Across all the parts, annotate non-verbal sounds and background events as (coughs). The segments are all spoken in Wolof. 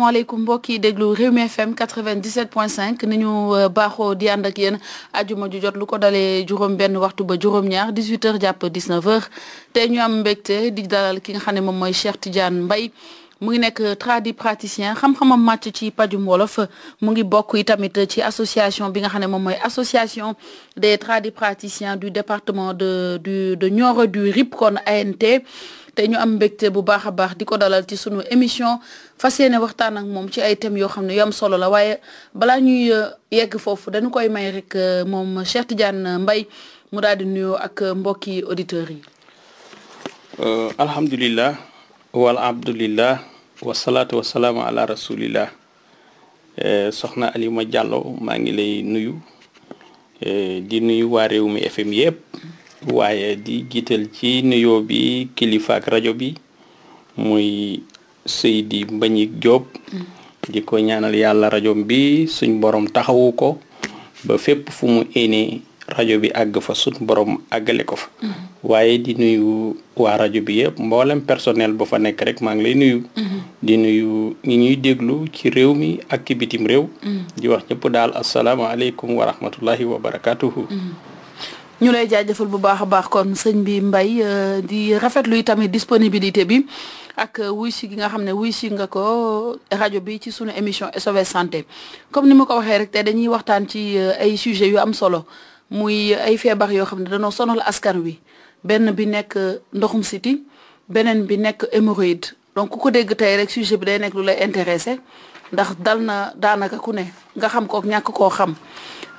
asalaamaaleykum mbokk yi déglu Rewmi FM 97.5 ni ñu euh, baaxoo di ànd ak yéen ajuma ju jot lu ko dalee juróom benn waxtu ba juróom-ñaar 18h jàpp 19h tey ñu am mbégte di dalal ki nga xam ne moom mooy Cheikh Tidiane Mbaye mu ngi nekk praticien xam-xamam màcc ci pajum wolof mu ngi bokk i tamit ci association bi nga xam ne moom mooy association des tradipraticiens du département de du de Nioro du Rip kon ANT tey ñu am mbégte bu baax a baax di ko dalal ci sunu émission fas yéene waxtaan ak moom ci ay thèmes yoo xam ne yu am solo la waaye balaa ñuy euh, yegg foofu dañu koy may rek euh, moom Cheikh Tidiane Mbaye mu daal di nuyoo ak euh, mbokki auditeurs yi. alhamdulilah wal abdulillah wasalaatu wasalaamu ala rasulillah soxna Alima Diallo maa ngi lay nuyu di nuyu waa réew mi FM yëpp. waaye di jiital ci nuyoo bi kilifa ak rajo bi muy Seydi Mbagnick Diop mm. di ko ñaanal yàlla rajom bi suñ borom taxawu ko ba fépp fu mu éene rajo bi àgg fa suñ borom àggale ko fa mm-hmm. waaye di nuyu waa rajo bi yëpp mboolem personnel boo fa nekk rek maa ngi lay nuyu mm-hmm. di nuyu ñuy déglu ci réew mi ak ci bitim réew mm. di wax ñëpp daal asalaamaaleykum wa rahmatullahi wa barakatuhu mm. ñu lay jaajëfal bu baax a baax kon sëñ bi Mbaye euh, di rafetlu yi tamit disponibilité bi ak euh, wuy si nga xam ne wuy si nga ko rajo bi ci sunu émission SOS santé comme ni ma ko waxee rek te dañuy waxtaan ci euh, ay sujets yu am solo muy ay feebar yoo xam ne danoo sonal askan wi benn bi nekk ndoxum siti beneen bi nekk hémorroïde donc ku ko dégg tey rek sujet bi day nekk lu lay intéressé ndax dal na daanaka ku ne nga xam ko ñàkk koo xam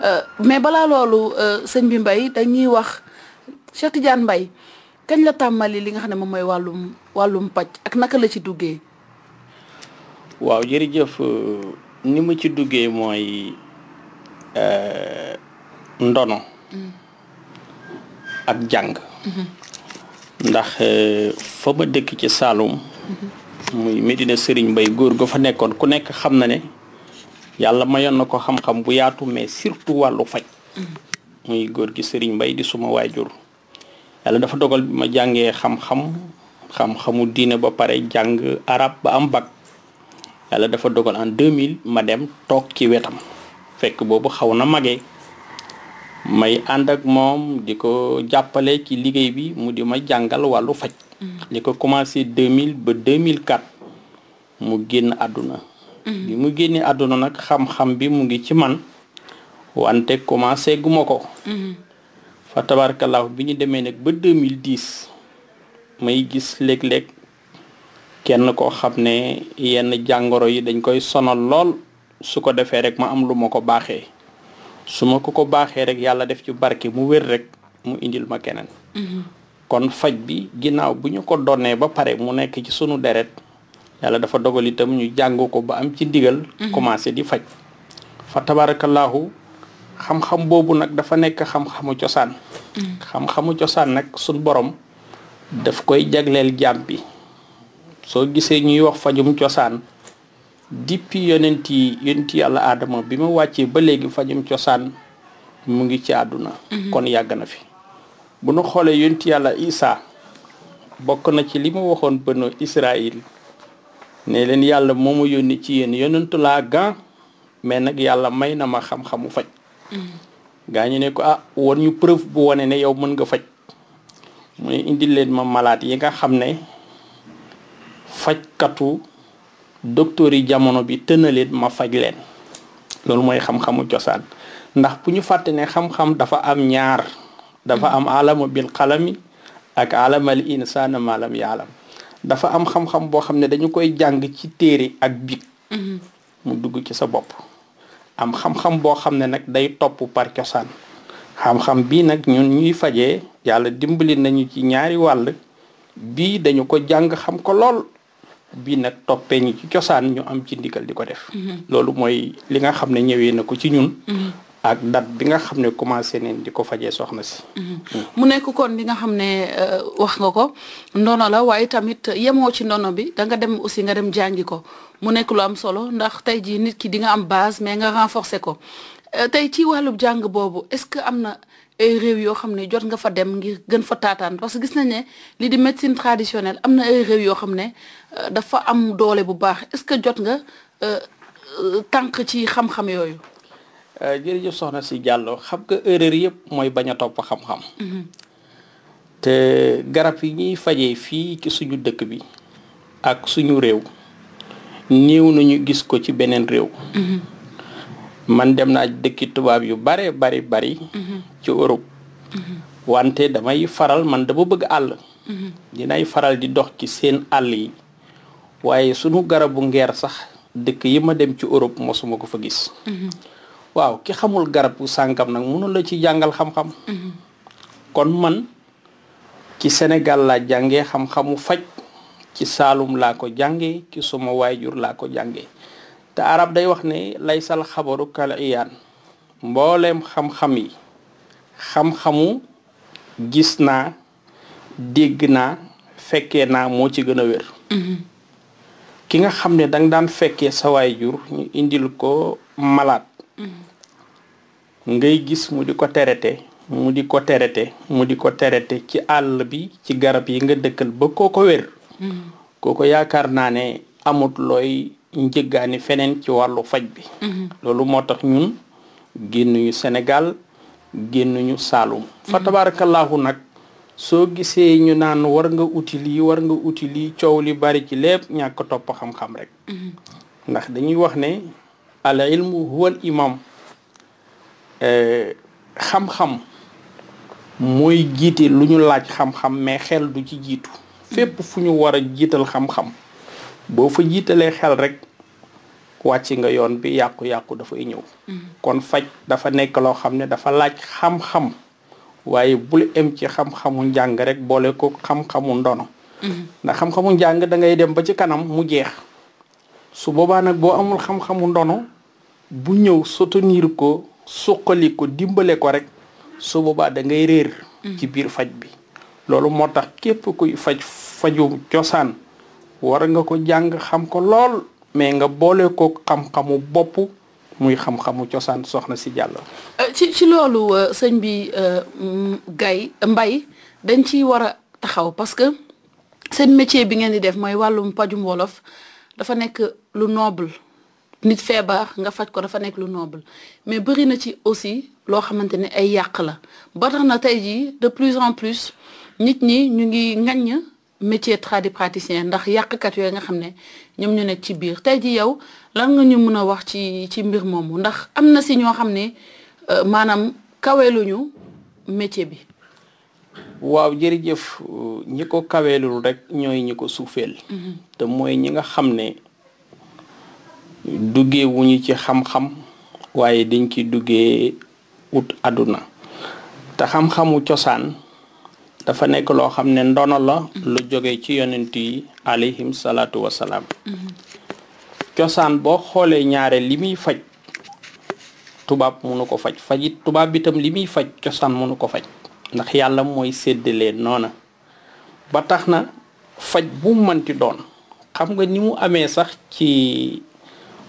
Euh, mais balaa loolu euh, sëñ bi Mbaye dañuy wax Cheikh Tidiane Mbaye kañ la tàmmali li nga xam ne moom mooy wàllum wàllum paj ak naka la ci duggee. waaw jërëjëf euh, ni ma ci duggee mooy ndono. ak jàng. Mm-hmm. ndax fa ma dëkk ci Saloum. Mm-hmm. muy Medina Serigne mbay góor ga fa nekkoon ku nekk xam na ne. yàlla mayoon na ko xam-xam bu yaatu mais surtout wàllu faj mm-hmm. muy góor gi sëriñ mbay di suma waajur yàlla dafa dogal bi ma jàngee xam-xam xam-xamu diine ba pare jàng arab ba am bac yàlla dafa dogal en 2000 ma dem toog ci wetam fekk boobu xaw na magee may ànd ak moom di ko jàppale ci liggéey bi mu di ma jàngal wàllu faj mm-hmm. li ko commencé 2000 ba 2004 mu génn àdduna Mm-hmm. bi mu génnee àdduna nag xam-xam bi mu ngi ci man wante commencé gu ma ko mm-hmm. fa bi ñu demee nag ba 2010 may gis léeg-léeg kenn koo xam ne yenn jàngoro yi dañ koy sonal lool su ko defee rek ma am lu ma ko baaxee su ma ko ko baaxee rek yàlla def ci barke mu wér rek mu indil ma keneen mm-hmm. kon faj bi ginnaaw bu ñu ko donnee ba pare mu nekk ci sunu deret yàlla dafa dogal itam ñu jàng ko ba am ci ndigal mhm. commencé di faj fa tabarakallahu xam-xam boobu nag dafa nekk xam-xamu cosaan mhm. xam-xamu cosaan nag suñ borom daf koy jagleel jaam bi soo gisee ñuy wax fajum cosaan depuis yonent yi yonent yàlla aadama bi ma wàccee ba léegi fajum cosaan mu ngi ci àdduna mhm. kon yàgg na fi bu nu xoolee yonent yàlla isaa bokk na ci li mu waxoon bënu Israël ne leen yàlla moo ma yónni ci yéen yonentu laa gan mais nag yàlla may na ma xam-xamu faj mm-hmm. gaa ñu ne ko ah war ñu preuve bu wane ne yow mën nga faj mu ne indil leen ma malaat yi nga xam ne fajkatu docteur yi jamono bi tënaleen ma faj leen loolu mooy xam-xamu cosaan ndax bu ñu fàtte ne xam-xam dafa am ñaar dafa am mm-hmm. alama bil qalami ak alamal insana malam yaalam dafa am xam-xam boo xam ne dañu koy jàng ci téere ak bic mm-hmm. mu dugg ci sa bopp am xam-xam boo xam ne nag day topp par cosaan xam-xam bii nag ñun ñuy faje yàlla dimbali nañu ci ñaari wàll bii dañu ko jàng xam ko lool bii nag toppee ñu ci cosaan ñu am ci ndigal di ko def mm-hmm. loolu mooy li nga xam ne ñëwee na ko ci ñun mm-hmm. ak date bi nga xam ne commencé neen di ko fajee soxna si. Mhm. mu nekk kon li nga xam ne euh, wax nga ko ndono la waaye tamit yemoo ci ndono bi da nga dem aussi nga dem jàngi ko mu nekk lu am solo ndax tey jii nit ki di nga am base mais nga renforcer ko euh, tey ci wàllu jàng boobu est-ce que am na ay réew yoo xam ne jot nga fa dem ngir gën fa taataan parce que gis nañ ne li di médecine traditionnel am na ay réew yoo xam ne euh, dafa am doole bu baax est-ce que jot nga tànk ci xam-xam yooyu. Euh, jërëjëf soxna si Diallo xam nga erreur yëpp mooy bañ a topp xam-xam. Mhm. te garab yi ñuy faje fii ci suñu dëkk bi ak suñu réew néew nañu gis ko ci beneen réew. Mhm. man dem naa dëkki tubaab yu bare bari bari. Mhm. ci Europe. wante damay faral man dama bëgg àll. dinay faral di dox ci seen àll yi waaye sunu garabu ngeer sax dëkk yi ma dem ci Europe mosuma ko fa gis. waaw ki xamul garab sànkam nag mënu la ci jàngal xam-xam mm-hmm. kon man ci Sénégal laa jàngee xam-xamu faj ci Saalum laa ko jàngee ci suma jur laa ko jànge te arab day wax ne lay laysal xabaru kal iyaan mbooleem xam-xam yi xam-xamu gis naa dégg naa fekke naa moo ci gën a wér mm-hmm. ki nga xam ne danga daan fekkee sa waayjur ñu indil ko malaat ngay gis mu di ko terete mu di ko terete mu di ko terete ci àll bi ci garab yi nga dëkkal ba koo ko wér mm-hmm. kooko yaakaar naa ne amut looy njëggaani feneen ci wàllu faj bi mm-hmm. loolu moo tax ñun génnuñu senegal génnuñu Saalum mm-hmm. fa tabaarakallaahu nag soo gisee ñu naan war nga uti war nga uti lii coow li bari ci lépp ñàkk topp xam-xam rek ndax dañuy wax ne al ilmu huwa imam Euh, xam-xam mooy jiite lu ñu laaj xam-xam mais xel du ci jiitu fépp fu ñu war a jiital xam-xam boo fa jiitalee xel rek wàcc nga yoon bi yàqu-yàqu dafay ñëw mm-hmm. kon faj dafa nekk loo xam ne dafa laaj xam-xam waaye bul em ci xam-xamu njàng rek boole ko xam-xamu ndono mm-hmm. ndax xam-xamu njàng da ngay dem ba ci kanam mu jeex su boobaa nag boo amul xam-xamu ndono bu ñëw soto niir ko sukkaliku dimbale ko rek su boobaa da ngay réer. Mm. ci biir faj bi. loolu moo tax képp kuy faj faju cosaan wara nga ko jàng xam ko lool mais nga boole ko xam-xamu bopp muy xam-xamu cosaan soxna si jàll. Euh, ci ci loolu euh, sëñ bi euh, gay mbay dañ ci war a taxaw parce que seen métier bi ngeen di def mooy wàllum pajum wolof dafa nekk lu noble. nit baax nga faj ko dafa nekk lu noble mais bëri na ci aussi loo xamante ne ay yàq la ba tax na tey jii de plus en plus nit ñi ñu ngi ŋaññ métier tradipraticien ndax yàq yàqkat yooyu nga xam ne ñoom ñu nekk ci biir tey jii yow lan nga ñu mën a wax ci ci mbir moomu ndax am na si ñoo xam ne euh, maanaam kaweeluñu métier bi. waaw jërëjëf ñi ko kaweelul rek ñooy ñi ko suufeel mhm. te mooy ñi nga xam ne. duggee wuñu ci xam-xam waaye dañ ci dugge ut àdduna te xam-xamu cosaan dafa nekk loo xam ne ndono la lu jóge ci yonent yi alayhim salaatu wasalaam mm-hmm. cosaan boo xoolee ñaare li muy faj tubaab munu ko faj fajit tubaab bi tam li muy faj cosaan munu ko faj ndax yàlla mooy sedd séddalee noona ba tax na faj bu manti doon xam nga ni mu amee sax ci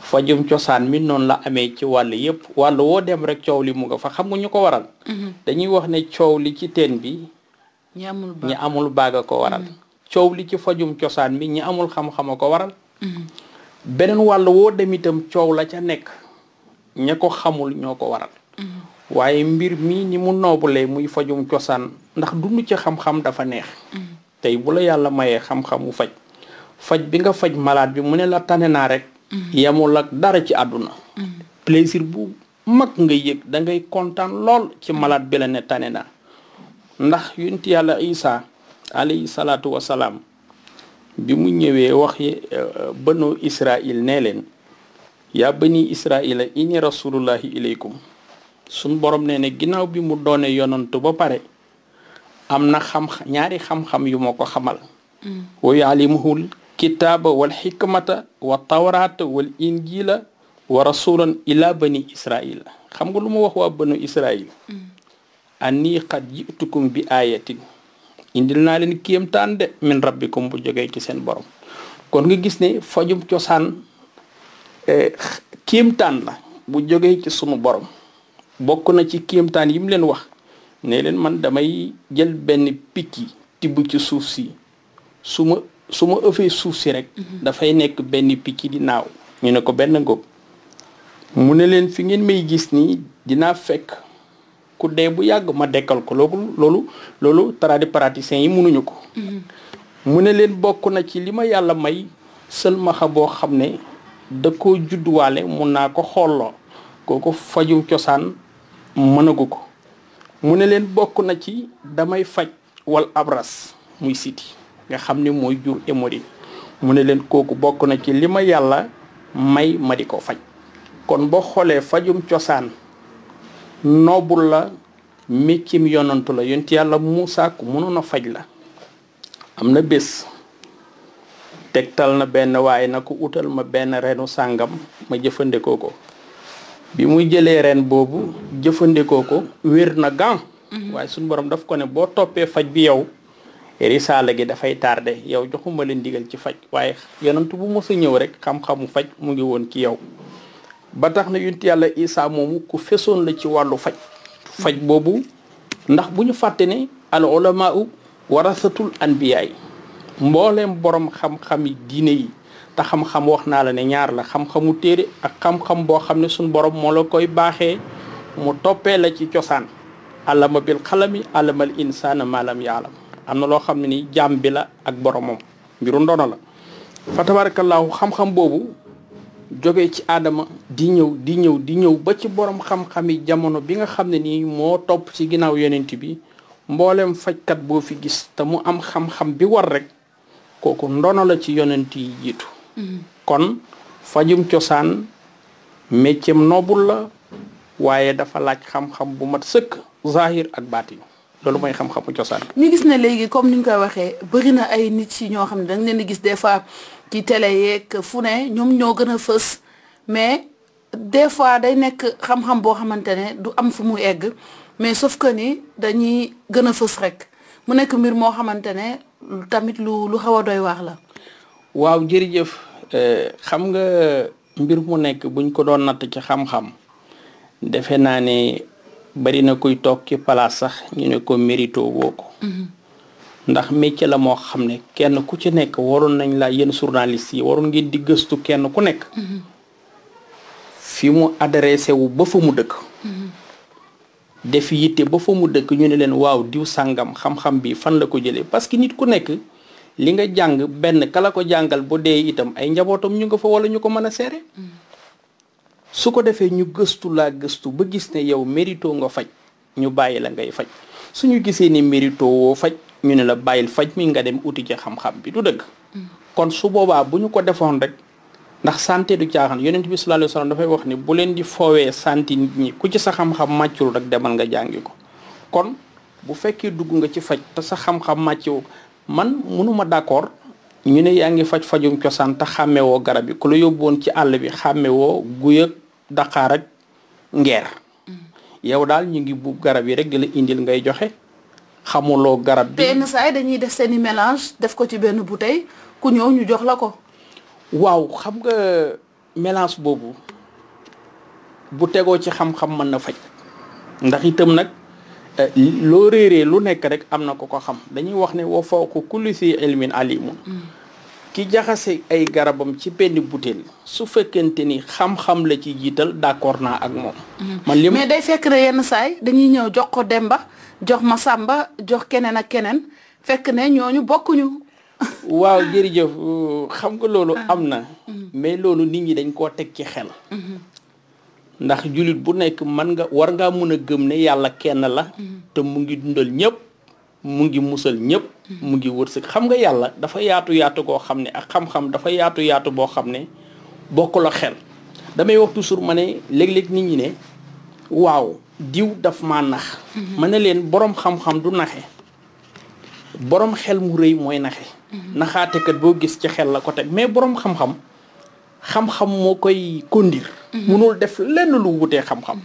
fajum cosaan mi noonu la amee ci wàll yépp wàll woo dem rek coow li mu nga fa xam nga ñu ko waral mhm. dañuy wax ne coow li ci teen bi ñi amul mhm. a ko waral coow li ci fajum cosaan bi ñi amul xam-xama ko waral beneen wàll woo dem itam coow la ca nekk ña ko xamul ñoo ko waral mhm. waaye mbir mi ni mu noobulee muy fajum cosaan ndax dund ci xam-xam dafa neex tey bu la yàlla mayee xam-xamu faj faj bi nga faj malaat bi mu ne la tane naa rek yemul ak dara ci àdduna plaisir bu mag nga yëg dangay ngay kontaan lool ci malaat bi la ne tane na ndax yonent yàlla Isaa alayhi salaatu wasalaam bi mu ñëwee wax euh, banu Israil ne leen yaa bani Israila inni rasulullahi ilaykum suñ borom nee ne ginnaaw bi mu doone yonantu ba pare am na xam ñaari xam-xam yu ma ko xamal mm. wa yuallimuhul alkitaaba wal xikmata wa tawraata wal injila wa rasulan ila bani israil xam nga lu mu wax waa banu israil mm. annii qad jitukum bi ayatin indil naa leen kéemtaan de min rabbikum bu jógee ci seen borom kon nga gis ne fajum cosaan eh, kéemtaan la bu jógee ci sunu borom bokk na ci kéemtaan yi mu leen wax ne leen man damay jël benn picc tibb ci suuf si su su ma ëfee suuf si rek mhm. dafay nekk benn picc di naaw ñu ne ko benn ngóob mu ne leen fi ngeen may gis nii dinaa fekk ku dee bu yàgg ma dekkal ko loolu loolu loolu tradipraticiens yi mënuñu ko mhm. mu ne leen bokk na ci li ma yàlla may sëlmaxa boo xam ne da koo judduwaale mun naa ko xooloo kooku faju cosaan mënagu ko mu ne leen bokk na ci damay faj wal abras muy siti nga xam ni mooy jur hémorroïde mu ne leen kooku bokk na ci li ma yàlla may ma di ko faj kon boo xoolee fajum cosaan noobul la méccim yonantu la yonent yàlla Muusaa ku mënoon faj la am na bés tegtal na benn waaye na ko utal ma benn renu sàngam ma jëfandikoo ko bi muy jëlee ren boobu jëfandikoo ko wér na gan mhm. waaye suñu borom daf ko ne boo toppee faj bi yow risaala gi dafay tardé yow joxuma leen ndigal ci faj waaye yonent bu mos a ñëw rek xam-xamu faj mu ngi woon ci yow ba tax na yonent yàlla isaa moomu ku fesoon la ci wàllu faj faj boobu ndax bu ñu fàtte ne al ulamaau warasatul anbiya yi mbooleem borom xam-xami diine yi te xam-xam wax naa la ne ñaar la xam-xamu téere ak xam-xam boo xam ne suñ borom moo la koy baaxee mu toppee la ci cosaan alama bil xalami alamal insaana maalam yaalam am na loo xam ne ni jaam bi la ak boromam mbiru ndono la fa tabarakallaahu xam-xam boobu jóge ci aadama di ñëw di ñëw di ñëw ba ci boroom xam-xami jamono bi nga xam ne nii moo topp ci ginnaaw yonent bi mboolem fajkat boo fi gis te mu am xam-xam bi war rek kooku ndono la ci yonent yi jiitu mm-hmm. kon fajum cosaan méccem nobul la waaye dafa laaj xam-xam bu mat sëkk zahir ak baatin loolu mooy xam-xamu cosaan. ñu gis ne léegi comme ni nga koy waxee bëri na ay nit ci ñoo xam ne danga leen di gis des fois ci télé yeeg fu ne ñoom ñoo gën a fës mais des fois day nekk xam boo xamante ne du am fu mu egg mais sauf que dañuy gën a fës rek mu nekk mbir moo xamante ne tamit lu lu xaw a doy waax la. waaw jërëjëf eh, xam nga mbir mu nekk buñ ko doon natt ci xam-xam defe naa ne bari na koy toog ci palaas sax ñu ne ko mérito woo ko mhm. ndax métier la moo xam ne kenn ku ci nekk waroon nañ la yéen journaliste yi waroon ngeen di gëstu kenn ku nekk mhm. fi mu adressé wu ba fa mu dëkk mhm. def yitte ba fa mu dëkk ñu ne leen waaw diw sàngam xam-xam bi fan la ko jëlee parce que nit ku nekk li nga jàng benn kala ko jàngal bu dee itam ay njabootam ñu nga fa wala ñu ko mën a seere su ko defee ñu gëstu laa gëstu ba gis ne yow mérito nga faj ñu bàyyi la ngay faj su ñu gisee ni mérito woo faj ñu ne la bàyyil faj mi nga dem uti ci xam bi du dëgg mm. su boobaa bu ñu ko defoon rek ndax santé du caaxaan yonent bi sallallahu alayhi dafay wax ni bu leen di foowee santé nit ku ci sa xam-xam màccul demal nga jàngi ko kon bu fekkee dugg nga ci faj sa xam màccewu man mënuma d'accord ñu ne yaa ngi faj fajum cosaan te xàmmewoo garab yi ku la yóbboon ci àll bi xàmmewoo guy daqaar ak ngeer yow daal ñu ngi buub garab yi rek la indil ngay joxe xamuloo garab bi. benn saay dañuy def seeni i mélange def ko ci benn bouteille ku ñëw ñu jox la ko. waaw xam nga mélange boobu bu tegoo ci xam-xam mën na faj ndax itam nag eh, loo réeree lu nekk rek am na ko ko xam dañuy wax ne wa fawqa kulli si ilmin alimun mm. ki jaxase ay garabam ci benn butéel su fekkente ni xam-xam la ci jiital d'accord naa ak moom. Mm-hmm. man li mais day fekk ne yenn saay dañuy ñëw jox ko Demba jox ma sàmba jox keneen ak keneen fekk ne ñooñu bokkuñu. (laughs) waaw jërëjëf xam nga loolu ah. am na. Mm-hmm. mais loolu nit ñi dañ koo teg ci xel. Mm-hmm. ndax jullit bu nekk mën nga war ngaa mun a gëm ne yàlla kenn la. te mu ngi dundal ñëpp. mu ngi musal ñëpp mu ngi wërsëg xam nga yàlla dafa yaatu yaatu koo xam ne ak xam dafa yaatu yaatu boo xam ne bokk la xel damay wax toujours ma ne léeg-léeg nit ñi ne waaw diw daf ma nax ma ne leen borom xam-xam du naxe borom xel mu rëy mooy naxe kër boo gis ci xel la ko teg mais borom xam-xam xam-xam moo koy kondir mm-hmm. munul def lenn lu wutee xam-xam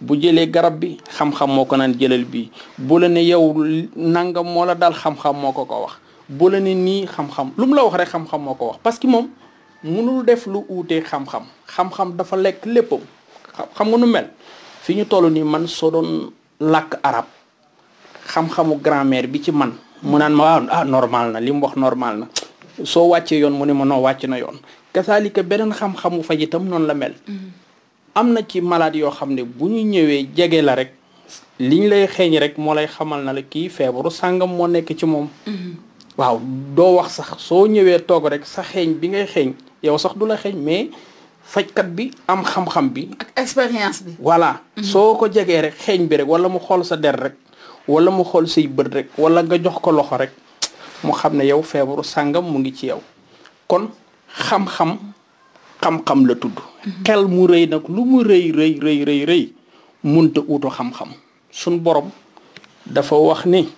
bu jëlee garab bi xam-xam moo ko naan jëlal bi bu la ne yow nangam moo la daal xam-xam moo ko ko wax bu la ne nii xam-xam lu mu la wax rek xam-xam moo ko wax parce que moom mënul def lu uutee xam-xam dafa lekk léppam xam nga nu mel fi ñu toll nii man soo doon làkk arab xam-xamu grammaire bi ci man mu naan ma waaw ah, ah, normal na li mu wax normal na soo wàccee yoon mu ne ma noo wàcc na yoon kasaalika beneen xam-xamu faj itam noonu la mel mm-hmm. am na ci malade yoo xam ne bu ñu ñëwee jege la rek liñ lay xeeñ rek moo lay xamal na la kii feebaru sàngam moo nekk ci moom mm-hmm. waaw doo wax sax soo ñëwee toog rek sa xeeñ bi ngay xeeñ yow sax du la xeeñ mais fajkat bi am xam bi ak expérience mm-hmm. soo ko jegee rek xeeñ bi rek wala mu xool sa der rek wala mu xool say bët rek wala nga jox ko loxo rek mu xam ne yow feebaru sàngam mu ngi ci yow kon xam-xam xam-xam la tudd. Mhm. xel mu rëy nag lu mu rëy rëy rëy rëy rëy munta utu xam-xam suñ borom dafa wax ni ne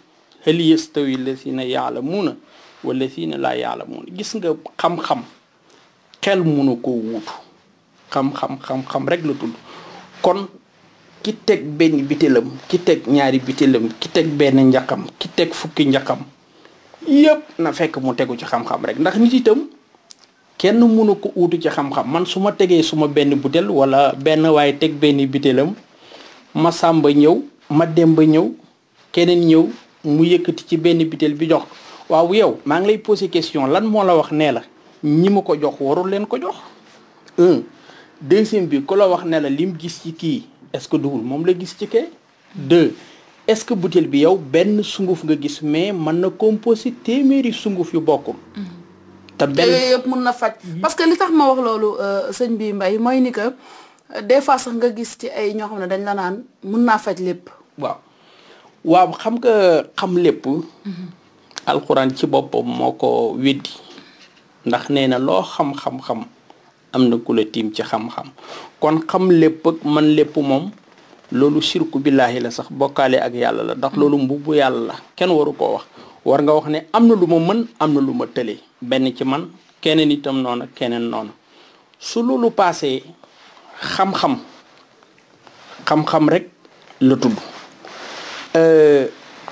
hal yastawi lazina yaalamuuna wa lazina laa yaalamuuna gis nga xam-xam xel munu ko wuutu xam-xam xam-xam rek la tudd kon ki teg benn bitelam ki teg ñaari bitilam ki teg benn njaqam ki teg fukki njaqam yépp na fekk mu tegu ci xam-xam rek ndax nit itam kenn mënu ko uutu ci xam-xam man su ma tegee suma benn butéel wala benn waaye teg benn bitéelam ma sàmba ñëw ma demba ñëw keneen ñëw mu yëkkati ci benn butéel bi jox waaw yow maa ngi lay posé question lan moo la wax nee la ñi ma ko jox warul leen ko jox un deuxième bi ku la wax ne la lim gis ci kii est-ce que dugul moom la gis ci kee deux est-ce que butéel bi yow benn sunguf nga gis mais mën na composé téeméeri sunguf yu bokkul mm-hmm. te benn yooyu mun na faj. Mhm. parce que li tax ma wax loolu euh, sëñ bi mbay mooy ni que euh, des fois sax nga gis ci ay ñoo ne dañ la naan mun naa faj lépp. waaw xam nga xam lépp. Mhm. alxuraan ci boppam moo ko weddi ndax nee na loo xam-xam-xam am na ku la tiim ci xam-xam kon xam lépp man lépp moom. loolu sirku billaahi la sax bokkaale ak yàlla la ndax mhm. loolu mbubbu yàlla la kenn waru koo wax war nga wax ne am na lu ma mën am na lu ma tëlee benn ci man keneen itam noonu keneen noonu su loolu paasee xam-xam xam-xam rek la tudd euh,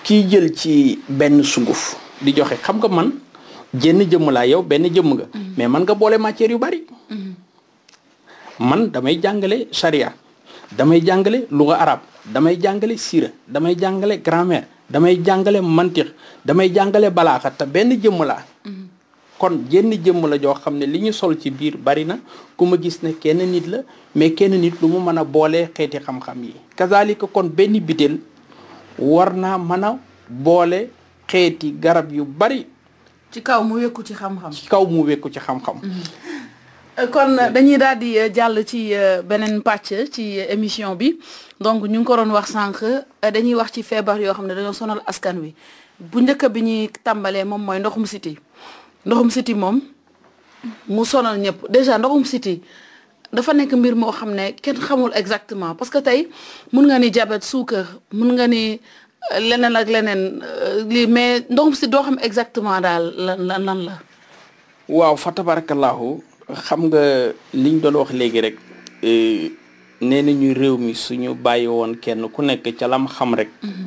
kiy jël ci benn sunguf di joxe xam nga man jenn jëmm laa yow benn jëmm nga mm-hmm. mais man nga boole matière yu bari mm-hmm. man damay jàngale charia damay jàngale luga arab damay jàngale siira damay jàngale grammaire damay jàngale mantiq damay jàngale balaaxa te benn jëmm laa mm-hmm. kon jenn jëmm la joo xam ne li ñu sol ci biir bari na ku ma gis ne kenn nit la mais kenn nit lu mu mën a boole xeeti xam-xam yi kazalika kon benn bitel war naa mën a boole xeeti garab yu bari ci kaw mu wékku ci xam-xam ci wékku ci xam mm-hmm. euh, kon dañuy daal di euh, jàll ci euh, beneen pàcc ci émission bi donc ñu ngi ko doon wax sànq dañuy wax ci feebar yoo xam ne dañoo sonal askan wi bu njëkk bi ñuy tàmbalee moom mooy ndoxum siti ndoxum siti moom mu sonal ñëpp déjà ndoxum siti dafa nekk mbir moo xam ne kenn xamul exactement parce que tey mun nga ni diabète suukar mun nga ni euh, leneen ak leneen euh, lii mais ndoxum siti doo xam exactement daal lan lan la. waaw fa tabarakallaahu xam nga liñ doon wax léegi rek euh, nee nañu réew mi suñu bàyyi woon kenn ku nekk ca lam xam rek. Mhm.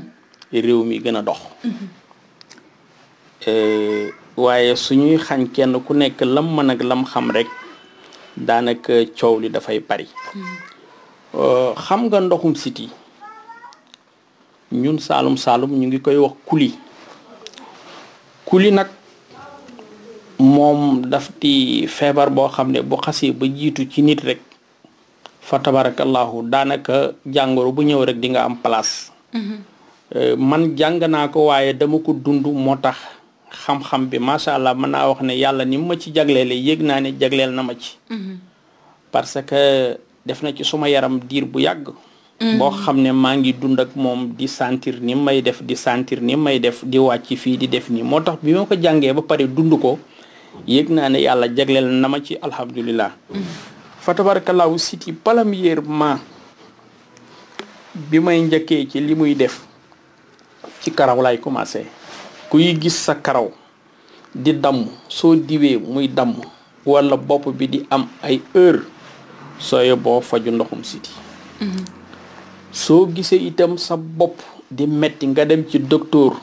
réew mi gën a dox. Mhm. waaye suñuy xañ kenn ku nekk lam mën ak lam xam rek daanaka coow li dafay bari euh, xam nga ndoxum siti ñun saalum saalum ñu ngi koy wax kuli kuli nag moom daf di feebar boo xam ne bu xasee ba jiitu ci nit rek fa tabarakallahu daanaka jàngoro bu ñëw rek di nga am place mm-hmm. euh, man jàng naa ko waaye dama ko dund moo tax xam-xam bi macha allah mën naa wax ne yàlla ni mu ma ci jagleele yëg naa ne jagleel na ma ci mm-hmm. parce que def na ci suma yaram diir bu yàgg mm-hmm. boo xam ne maa ngi dund ak moom di sentir ni may def di sentir ni may def di wàcc fii di def nii moo tax bi ma ko jàngee ba pare dund ko yéeg naa ne yàlla jagleel na ma ci alhamdulilah mm-hmm. fa tabarakallahu siti premièrement bi may njëkkee ci li muy def ci karaw laay commencé kuy gis sa karaw di damm soo diwee muy damm walla bopp bi di am ay heure soo yóbboo faju ndoxum siti mm-hmm. soo gisee itam sa bopp di metti nga dem ci docteur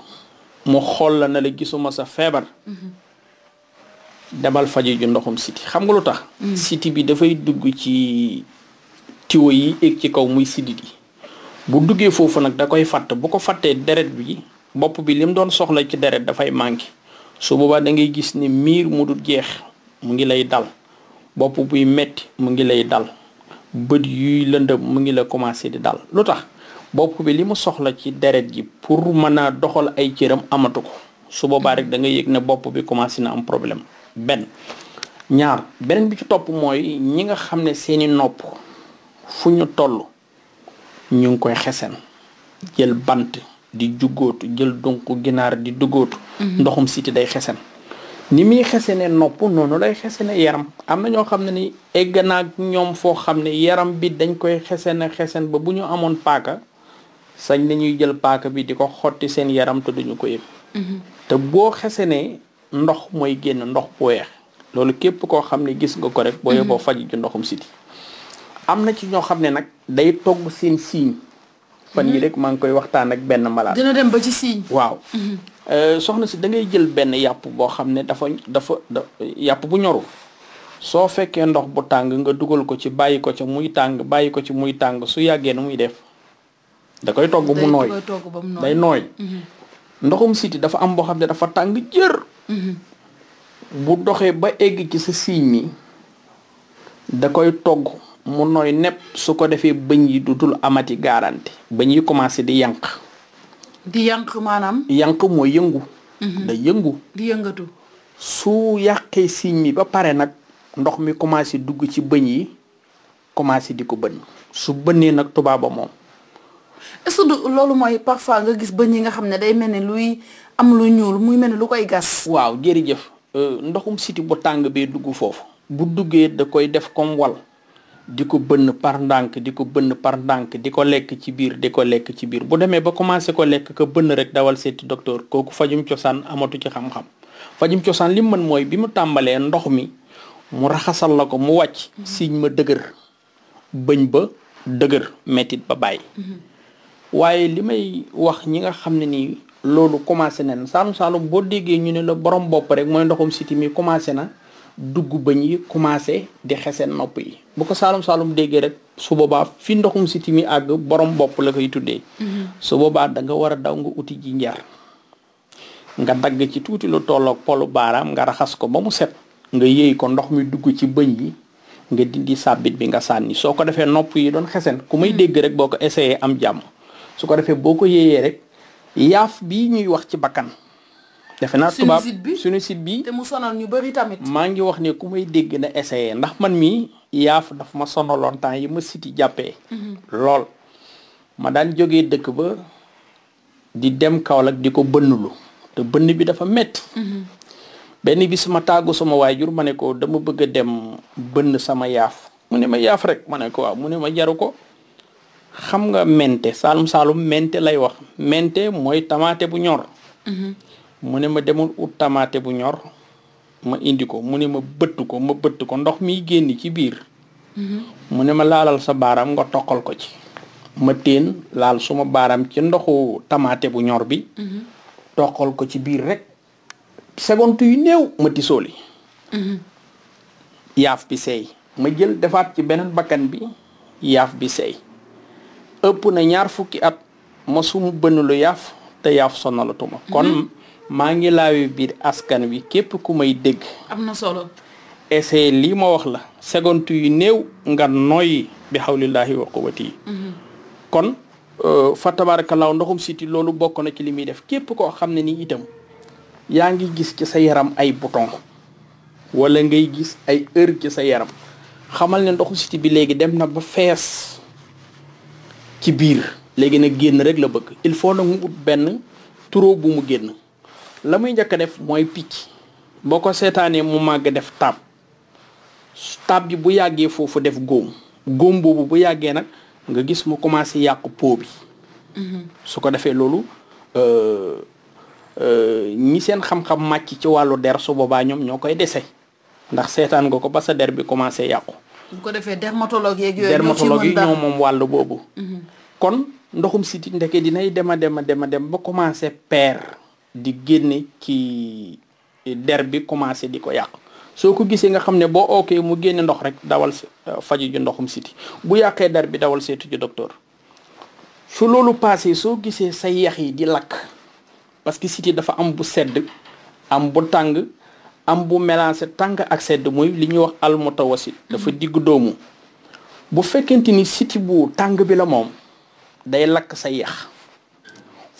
mu xool la na la gisuma sa feebar mm-hmm. demal faju ju ndoxum siti xam nga lu tax mm-hmm. siti bi dafay dugg ci tiwo yi éeg ci kaw muy sidit yi bu duggee foofu nag da koy fàtt bu ko fàttee deret bi bopp bi lim doon soxla ci deret dafay manqué su boobaa da ngay gis ni miir mu dul jeex mu ngi lay dal bopp buy metti mu ngi lay dal bët yuy lëndëm mu ngi la commencé di dal lu tax bopp bi li mu soxla ci deret ji pour mën a doxal ay cëram amatu ko su boobaa rek da nga yëg ne bopp bi commencé na am problème benn ñaar beneen bi ci topp mooy ñi nga xam ne seeni nopp fu ñu toll ñu ngi koy xesen jël bant di juggootu jël donc ginaar di duggootu mhm. ndoxum siti day xesen ni muy xesene nopp noonu lay xese ne yaram am na ñoo xam ne ni egg naag ñoom foo xam ne yaram bi dañ koy xesene xesen ba bu ñu amoon paaka sañ nañuy jël paaka bi di ko xotti seen yaram te duñu ko yëg mhm. te boo ne ndox mooy génn ndox bu weex loolu képp koo xam ne gis nga ko rek boo mhm. yeboo faj ju ndoxum siti am na ci ñoo xam ne nag day togg seen siiñ fan yi rek maa ngi koy waxtaan ak benn malade. dina dem ba ci siiñ. waaw mm-hmm. euh, soxna si dangay jël benn yàpp boo xam ne dafa dafa da yàpp bu ñorul soo fekkee ndox bu tàng nga dugal ko ci bàyyi ko ci muy tàng bàyyi ko ci muy tàng su yàggee nu muy def da koy togg mu nooy day nooy mm-hmm. ndoxum siti dafa am boo xam ne dafa tàng jër mm-hmm. bu doxee ba egg ci sa siiñ mi da koy togg mu nooy nepp su ko defee bëñ yi du dul amati garanti bëñ yi commencé di yànq di yànq maanaam yànq mooy yëngu mhm. da yëngu di yëngatu su yàqee siñ mi ba pare nag ndox mi commencé dugg ci bëñ yi commencé di ko bënn su bënnee nag tubaaba moom est loolu mooy parfois nga gis bëñ yi nga xam ne day mel ni luy am lu ñuul muy mel ni lu koy gas waaw jërëjëf euh, ndoxum siti bu tàng bee dugg foofu bu duggee da koy def comme wal di ko bënn par ndànk di ko bënn par ndànk di ko lekk ci biir di ko lekk ci biir bu demee ba commencé ko lekk ko bënn rek dawal seeti docteur kooku fajum cosaan amatu ci xam-xam fajum cosaan lim mën mooy bi mu tàmbalee ndox mi mu raxasal la ko mu wàcc mhm. siiñ ma dëgër bëñ ba dëgër mettit ba bàyyi mhm. waaye li may wax ñi nga xam ne nii loolu commencé nañ saalum saalum boo déggee ñu ne la borom bopp rek mooy ndoxum siti mi commencé na dugg bëñ yi commencé di xeseen nopp yi bu ko saalum-saalum déggee rek su boobaa fi ndoxum siti mi àgg borom bopp la koy tuddee mm-hmm. su boobaa da nga war a daw nga uti ji njar nga dagg ci tuuti lu tolloog polu baaraam nga raxas ko ba mu set nga yëy ko ndox mi dugg ci bëñ yi nga dindi sàbbit bi nga sànni soo ko defee nopp yi doon xeseen ku may mm-hmm. dégg rek boo ko essayé am jàmm su ko defee boo ko yéeyee rek yaaf bii ñuy wax ci bakkan defe naa tubaab suñu site bi te mu sonal ñu bëri tamit. maa ngi wax ne ku may dégg na essayé ndax man mii yaaf dafa ma sonaloon temps yi ma siti jàppee. Mhm. lool ma daan jóge dëkk ba di dem Kaolack di ko bënn bënnlu te bënn bi dafa metti mhm. benn bi sama tàggu sama waajur ma ne ko dama bëgg a dem bënn sama yaaf mu ne ma yaaf rek ma ne ko waaw mu ne ma jaru ko xam nga mente saalum saalum mente lay wax mente mooy tamaate bu ñor. Mhm. mu ne ma demul ut tamaate bu ñor ma indi ko mu ne ma bët ko ma bëtt ko ndox mi génn ci biir mm-hmm. mu ne ma laalal sa baaraam nga toqal ko ci ma téen laal suma baaraam ci ndoxu tamaate bu ñor bi mm-hmm. toqal ko ci biir rek seconde yu néew ma tisooli mm-hmm. yaaf bi seey ma jël defaat ci beneen bakkan bi yaaf bi seey ëpp na ñaar fukki at ma sumu bënn lu yaaf te yaaf sonnalatuma kon maa ngi laawi biir askan wi képp ku may dégg. am na solo. lii ma wax la seconde yu néew nga nooy bi xawlillaahi wa quwwati yi. Mhm. kon euh, fa tabaarakallaahu ndoxum siti loolu bokk na ci li muy def képp koo xam ne ni itam yaa ngi gis ci sa yaram ay bouton walla ngay gis ay heure ci sa yaram xamal ne ndoxum siti bi léegi dem nag ba fees ci biir. léegi nag génn rek la bëgg il faut nag mu benn turoo bu mu génn. la muy njëkk a def mooy picc boo ko seetaanee mu màgg def taab taab bi bu yàggee foofu def góom góom boobu bu yàggee nag nga gis mu commencé yàqu po bi mhm. su ko defee loolu euh, euh, ñi seen xam-xam màcc ci wàllu der su boobaa ñoom ñoo koy dese ndax seetaan nga ko ba sa der bi commencé yàqu bu ko defee dermatologue yeeg yooyu dermatologue yi ñoo moom wàll boobu mhm. kon ndoxum sitit ndeke dinay dema dema dema dem ba commencé peer di génne ci der bi commencé di ko yàq soo ko gisee nga xam ne boo ookee mu génne ndox rek dawal euh, faju ju ndoxum siti bu yàqee der bi dawal seetu ju docteur su loolu paasee soo gisee sa yax yi di lakk parce que siti dafa am bu sedd am bu tàng am bu mélangé tàng ak sedd muy li ñuy wax almutawasit dafa mm-hmm. digg doomu bu fekkente ni siti bu tàng bi la moom day lakk sa yax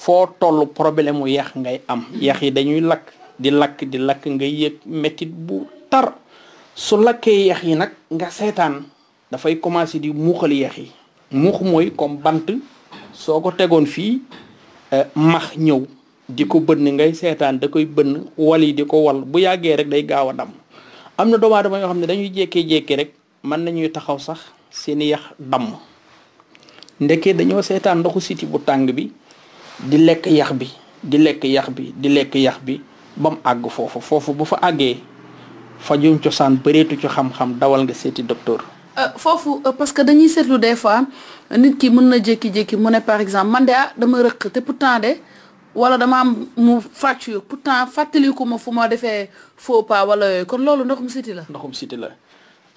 foo tollu problème mu yax ngay am yax yi dañuy lakk di lakk di lakk ngay yëg métit bu tar su lakkee yax yi nag nga seetaan dafay commencé di muuxal yax yi muux mooy comme bant soo ko tegoon fii eh, max ñëw di ko bënn ngay seetaan da koy bënn wal yi di ko wal bu yàggee rek day gaaw a dam am na doomu aadama yoo xam ne dañuy jékkee-jékkee rek mën nañuy taxaw sax seeni yax damm ndekee dañoo seetaan ndoxu siti bu tàng bi di lekk yax bi di lekk yax bi di lekk yax bi ba àgg foofu foofu bu fa àggee fajum cosaan bëreetu ci xam-xam dawal nga seeti docteur. Euh, foofu euh, parce que dañuy seetlu des fois nit ki mën na jékki-jékki mu ne par exemple man de ah dama rëq te pour pourtant de wala dama am mu fàccu pourtant fàttaliku ma fu ma defee faux pas wala yooyu kon loolu ndoxum siti la. ndoxum siti la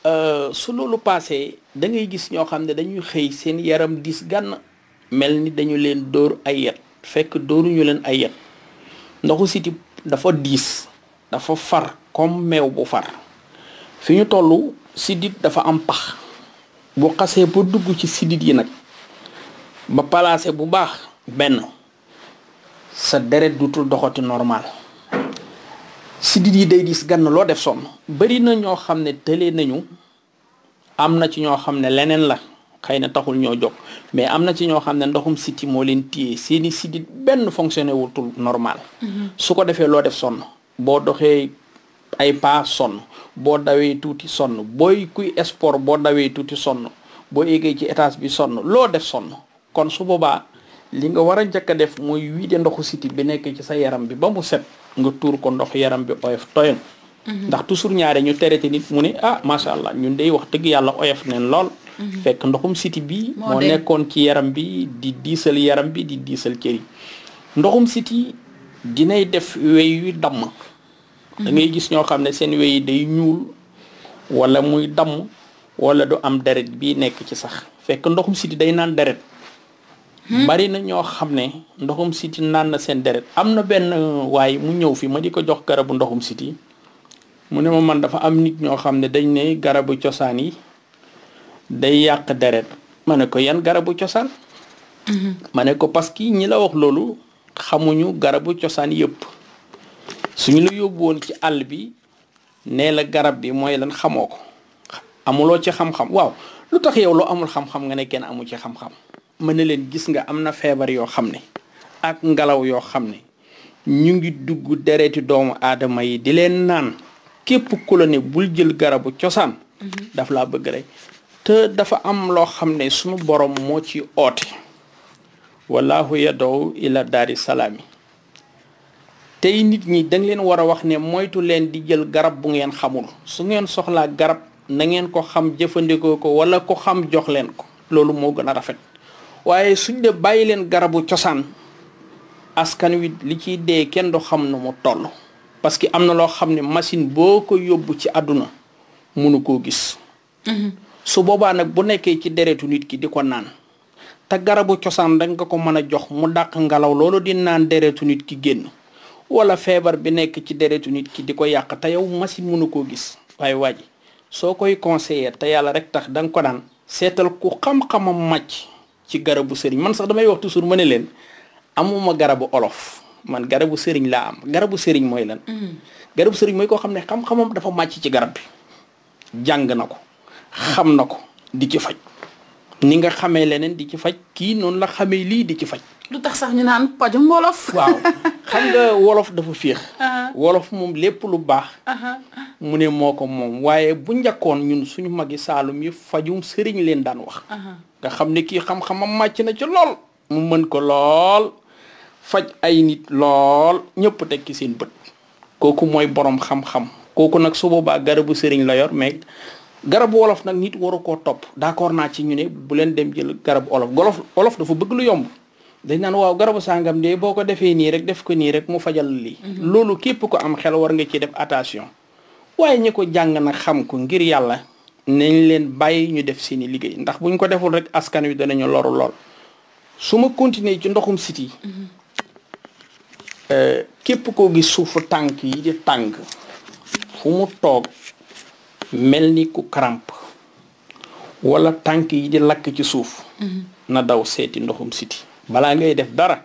euh, su loolu paasee da ngay gis ñoo xam ne dañuy xëy seen yaram diis gànn mel ni dañu leen dóor ay yet. fekk dooruñu leen ay yet ndoxu siti dafa diis dafa far comme meew bu far fi ñu toll sidit dafa am pax bu xasee ba dugg ci sidit yi nag ba palaase bu baax benn sa deret dutul doxati normal sidit yi day diis gann loo def sonn bari na ñoo xam ne tëlee nañu am na ci ñoo xam ne leneen la xëy na taxul ñoo jog mais am na ci ñoo xam ne ndoxum siti moo leen téye seeni sidit benn fonctionné wutul normal mhm. su ko defee loo def sonn boo doxee ay pas sonn boo dawee tuuti sonn booy kuy sport boo dawee tuuti sonn boo eggee ci étage bi sonn loo def sonn kon su boobaa li nga war a njëkk a def mooy wiide ndoxu siti bi nekk ci sa yaram bi ba mu set nga tuur ko ndox yaram bi oyof tooy mhm. ndax toujours ñaare ñu terete nit mu ni ah macha allah ñun day wax dëgg yàlla oyof neen lool Mhm. fekk ndoxum siti bi moo nekkoon ci yaram bi di diisal yaram bi di diisal cër ndoxum siti dinay def wey wi damm dangay mhm. gis ñoo xam ne seen wey yi day ñuul wala muy damm wala du am deret bi nekk ci sax fekk ndoxum siti day naan deret hmm? bari na ñoo xam ne ndoxum siti naan na seen deret am na benn waaye mu ñëw fii ma di ko jox garabu ndoxum siti mu ne ma man dafa am nit ñoo xam ne dañ ne garabu cosaan yi day yàq deret ma ne ko yan garabu cosaan ma ne ko parce que ñi la wax loolu xamuñu garabu cosaan yëpp suñu la yóbbu ci àll bi nee la garab bi mooy lan xamoo ko amuloo ci xam-xam waaw lu tax yow lu amul xam-xam nga ne kenn amul ci xam-xam mën na leen gis nga am na feebar yoo xam ne ak ngelaw yoo xam ne ñu ngi dugg dereti doomu aadama yi di leen naan képp ku la ne bul jël garabu cosaan mm-hmm. daf laa bëgg rek te dafa am loo xam ne sunu borom moo ci oote wallahu yadow ila daari salaami tey nit ñi danga leen war a wax ne moytu leen di jël garab bu ngeen xamul su ngeen soxlaa garab na ngeen ko xam jëfandikoo ko wala ko xam jox leen ko loolu moo gën a rafet waaye suñ de bàyyi leen garabu cosaan askan wi li ciy dee kenn du xam nu mu toll parce que am na loo xam ne machine boo ko yóbbu ci àdduna mënu koo gis mm-hmm. su boobaa nag bu nekkee ci deretu nit ki di ko naan te garabu cosaan da nga ko mën a jox mu dàq ngelaw loolu di naan deretu nit ki génn wala feebar bi nekk ci deretu nit ki di ko yàq te yow machine mënu koo gis waaye waa ji soo koy conseiller te yàlla rek tax danga ko naan seetal ku xam-xamam màcc ci garabu sëriñ man sax damay wax toujours ma ne leen amuma garabu olof man garabu sëriñ laa am garabu sëriñ mooy lan. Mm. garabu sëriñ mooy koo xam ne xam dafa màcc ci garab bi jàng na ko. xam na ko di ci faj ni nga xamee leneen di ci faj kii noonu la xamee lii di ci faj. lu tax sax ñu naan pajum wolof. waaw xam nga (laughs) ah. wolof moom lépp lu baax. Ah, ah, ne moo ko moom waaye bu njëkkoon ñun suñu magi saalum yi fajum sëriñ leen daan wax. nga xam ne kii xam-xamam màcc na ci lool. mu mën ko lool faj ay nit lool ñépp teg seen bët. kooku mooy boroom xam-xam. kooku nag su boobaa garabu sëriñ la yor mais garabu wolof nag nit waru koo topp d'accord naa ci ñu ne bu leen dem jël garabu olof golof olof dafa bëgg lu yomb dañ naan waaw garabu sàngam de boo ko defee nii rek def ko nii rek mu fajal lii mhm. loolu képp ko am xel war nga ci def attention waaye ñi ko jàng nag xam ko ngir yàlla nañ leen bàyyi ñu def seeni liggéey ndax buñ ko deful rek askan wi danañu loru lool su ma continuer ci ndoxum siti mhm. euh, képp koo gis suufu tànk yi di tànk fu mu toog mel ni ku karamp wala tànk yi di lakk ci suuf mhm. na daw seeti ndoxum siti balaa ngay def dara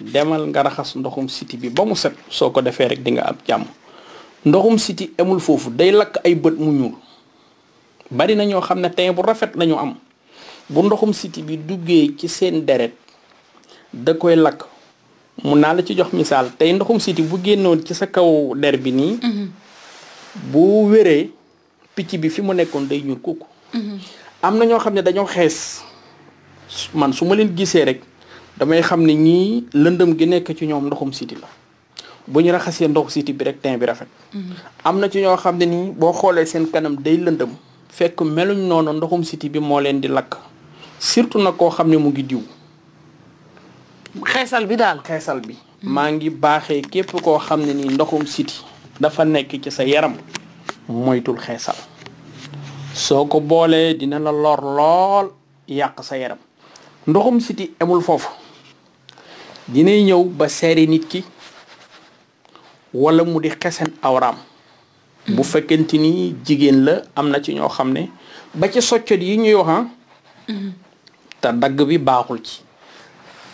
demal nga raxas ndoxum siti bi ba mu set soo ko defee rek di nga am jàmm ndoxum siti amul foofu day lakk ay bët mu ñuul bari na ñoo xam ne teint bu rafet lañu am bu ndoxum siti bi duggee ci seen deret da koy lakk mun naa la ci jox misaal tey ndoxum siti bu génnoon ci sa kaw der bi nii mhm. bu wéree picc bi fi mu nekkoon day ñuul kooku. Mhm. am na ñoo xam ne dañoo xees man su ma leen gisee rek damay xam ne ñii lëndëm gi nekk ci ñoom ndoxum siti la bu ñu raxasee ndoxu siti bi rek teint bi rafet. Mhm. am na ci ñoo xam ne nii boo xoolee seen kanam day lëndëm fekk meluñ noonu ndoxum siti bi moo leen di lakk surtout nag koo xam ne mu ngi diw. xeesal bi daal xeesal bi. Mhm. maa ngi baaxee képp koo xam ne nii ndoxum siti dafa nekk ci sa yaram. moytul xeesal soo ko boolee dina la lor lool yàq sa yaram ndoxum siti amul foofu dinay ñëw ba seeri nit ki wala mu di xesen awraam bu fekkente ni jigéen la am na ci ñoo xam ne ba ci soccet yi ñuy wax ah, mm-hmm. te dagg bi baaxul ci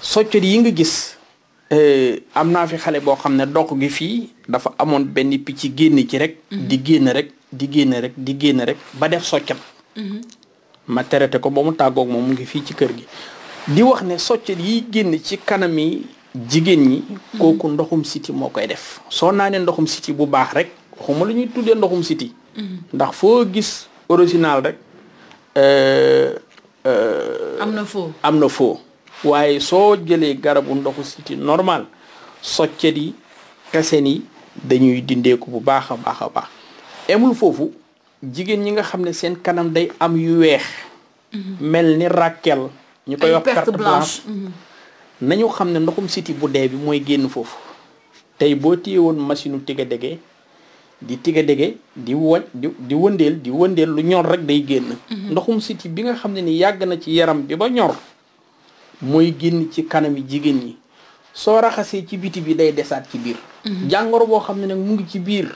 soccot yi nga gis Eh, am naa fi xale boo xam ne dox gi fii dafa amoon benn picc génn ci rek. Mhm. di génn rek di génn rek di génn rek ba def soccet. Mhm. ma traité ko ba mu tàggoog moom mu ngi fii ci kër gi. di wax ne soccet yi génn ci kanam yi jigéen ñi. Mhm. kooku ndoxum siti moo koy def. soo naanee ndoxum siti bu baax rek waxuma lu ñuy tuddee ndoxum siti. ndax foo gis original rek. am na fo am na foo. waaye soo jëlee garabu ndoxu siti normal soccet yi kese ni dañuy dindeeku bu baax a baax a baax emul foofu jigéen ñi nga xam ne seen kanam day am yu weex mm-hmm. mel ni ràkkel ñu koy wax carte blanche mm-hmm. nañu xam ne ndoxum siti bu dee bi mooy génn foofu tey boo téye woon machine tiga dege di tiga dege di wa di wëndeel di wëndeel lu ñor rek day génn mm-hmm. ndoxum siti bi nga xam ne ni yàgg na ci yaram bi ba ñor mooy génn ci kanami jigéen ñi soo raxasee ci biti bi day desaat ci biir mhm. jàngoro boo xam ne nag mu ngi ci biir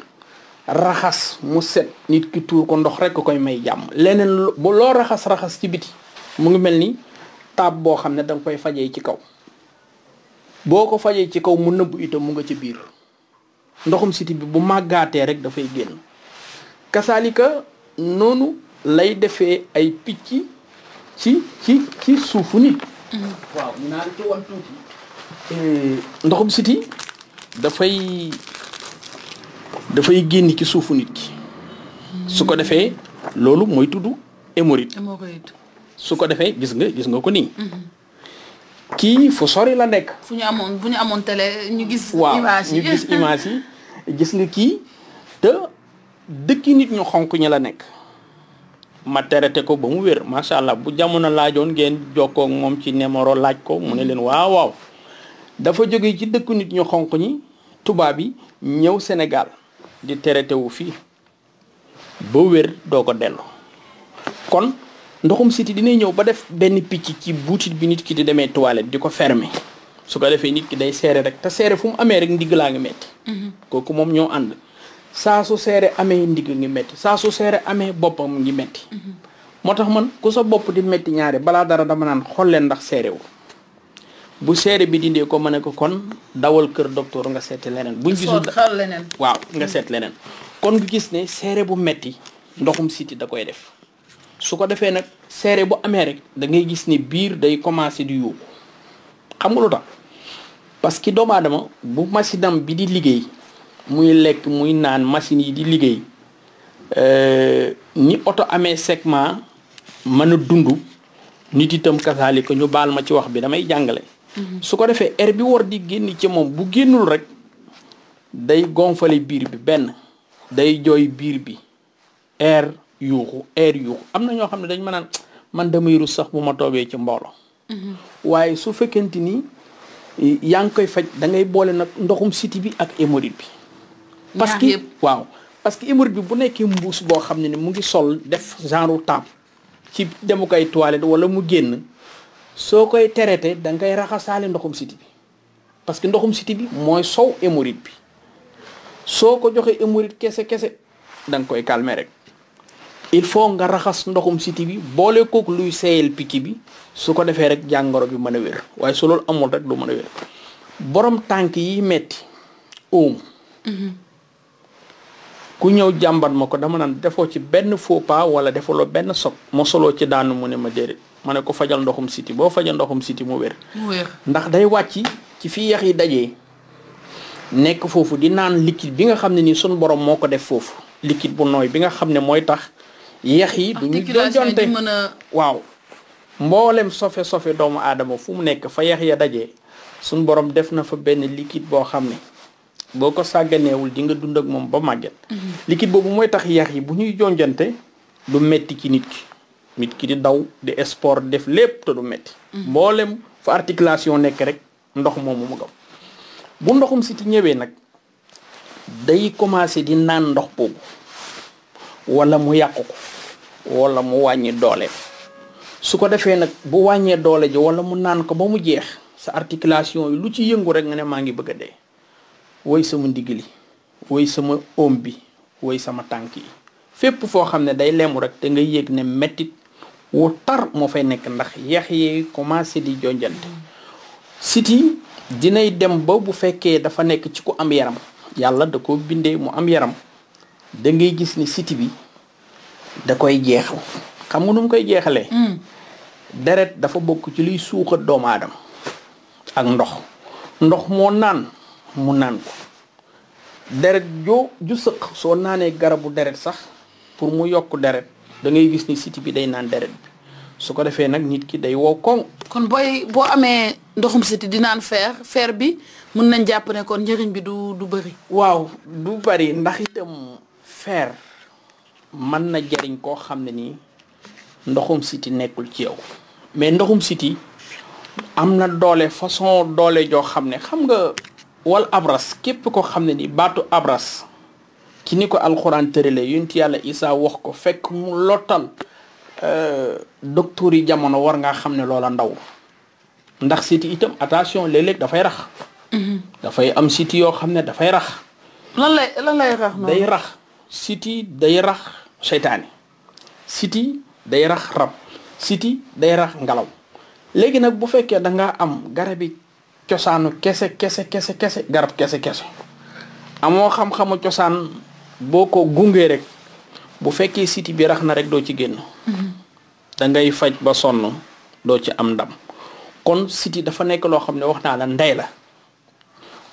raxas mu set nit ki tuur ko ndox rek koy may jàmm leneen loo raxas raxas ci biti mu ngi mel ni taab boo xam ne danga koy fajee ci kaw boo ko fajee ci kaw mu nëbbu itam mu nga ci biir ndoxum siti bi bu màggaatee rek dafay génn kasaalika noonu lay defee ay picc ci ci suufu nit waaw ñu eh, ndoxum siti dafay dafay génn ci suufu nit ki. su ko defee loolu mooy tudd hémorroïde. su ko defee gis nga gis nga ko nii. Mhm. kii fu sori la nekk. fu ñu amoon bu ñu amoon tele ñu gis. image yi ñu gis image yi gis nga kii te dëkki nit ñu xonq ñi la nekk. ma traité ko ba mu wér macha allah bu jamono laajoon ngeen jokkoo moom ci numéro laaj ko mu ne leen waaw waaw dafa jóge ci dëkku nit ñu xonq ñi tubaab yi ñëw senegal di traité wu fii ba wér doo ko dellu kon ndoxum siti dinay ñëw ba def benn picc ci butit bi nit ki di demee toilette di ko fermer su ko defee nit ki day seere rek te seere fu mu amee rek ndigg laa ngi metti mhm. kooku moom ñoo ànd saa su seere amee ndigg ngi métti saa su seere amee boppam ngi métti moo tax man ku sa bopp di métti ñaari balaa dara dama naan xool leen ndax seere wu bu seere bi dindee ko ma ne ko kon dawal kër docteur nga seet leneen buñ gisul xool leneen waaw nga seet leneen kon gis ne seere bu metti ndoxum siti da koy def su ko defee nag seere bu amee rek da ngay gis ne biir day commencé di yuuxu xam tax parce que doomu aadama bu masidam bi di liggéey muy lekk muy naan machines yi di liggéey euh, ni oto amee segment mën a dund nit itam kasaali ñu baal ma ci wax bi damay jàngale. Mhm. su ko defee air bi war di génn ci moom bu génnul rek day gonfale biir bi benn day jooy biir bi air yuuxu air yuuxu am na ñoo xam ne dañ ma naan man damay rus sax bu ma toogee ci mbooloo. Mhm. waaye su fekkente ni yaa ngi koy faj dangay boole nag ndoxum siti bi ak hémorroïde bi. parce que waaw parce que hémorroïde bi bu nekkee mbuus boo xam ne ni mu ngi sol def genre taab ci demu koy toilette wala mu génn soo koy traité da nga koy raxasaale ndoxum siti bi parce que ndoxum siti bi mooy sow hémorroïde bi soo ko joxee hémorroïde kese kese da koy calmer rek il faut nga raxas ndoxum siti bi boole kook luy seeyal piki bi su ko defee rek jàngoro bi mën a wér waaye su loolu amul rek du mën a wér borom tànk yi metti óom ku ñëw jàmbat ma ko dama naan defoo ci benn faux pas wala defaloo benn soog mosoloo ci daanu mu ne ma déedéet ma ne ko fajal ndoxum siti boo fajal ndoxum siti mu wér ndax day wàcc ci fii yax yi dajee nekk foofu di naan liquide bi nga xam ne nii suñu borom moo ko def foofu liquide bu nooy bi nga xam ne mooy tax yax yi du ñu jonjonte waaw mboolem sofe sofe doomu aadama fu mu nekk fa yax ya daje suñu borom def na fa benn liquide boo xam ne boo ko sàgganewul di nga dund ak moom ba màgget liquide boobu mooy tax yax yi bu ñuy jonjante du metti ci nit ki nit ki di daw di sport def lépp te du metti mboolem fa articulation nekk rek ndox moomu mu gaw bu ndoxum siti ñëwee nag day commencé di naan ndox boobu wala mu yàq ko wala mu wàññi doole su ko defee nag bu wàññee doole ji wala mu naan ko ba mu jeex sa articulation yi lu ci yëngu rek nga ne maa ngi bëgg a dee woy sama ndigg li woy sama om bi woy sama tànk yi fépp foo xam ne day lemu rek da ngay yëg ne mettit wu tar moo fay nekk ndax yax yi commencé di jonjante siti dinay dem ba bu fekkee dafa nekk ci ku am yaram yàlla da ko bindee mu am yaram da ngay gis ni siti bi da koy jeexal xam nga nu mu koy jeexalee mm. deret dafa bokk ci liy suuxa doomu aadama ak ndox ndox moo naan mu naan ko deret joo ju sëq soo naanee garabu deret sax pour mu yokk deret da ngay gis ni siti bi day naan deret bi su ko defee nag nit ki day wow koŋ kon booy boo amee ndoxum siti di naan fer fer bi mun nañ jàpp kon njëriñ bi du du bëri waaw du bëri ndax itam fer mën na jariñ koo xam ne nii ndoxum siti nekkul ci yow mais ndoxum siti am na doole façon doole joo xam ne xam nga wal abras képp ko xam ne ni baatu abras ci ni ko alxuraan tërale yonent yàlla isaa wax ko fekk mu lottal euh, docteur yi jamono war ngaa xam ne loola ndaw ndax siti itam attention léeg-léeg dafay rax mhm. dafay am siti yoo xam ne dafay rax lan lay lan lay rax day rax siti day rax seytaane siti day rax rab siti day rax ngelaw léegi nag bu fekkee dangaa am garabi cosaanu kese kese kese kese garab kese kese amoo xam-xamu cosaan boo ko gungee rek bu fekkee siti bi rax na rek doo ci génn mm-hmm. da ngay faj ba sonn doo ci am ndam kon siti dafa nekk loo xam ne wax naa la ndey la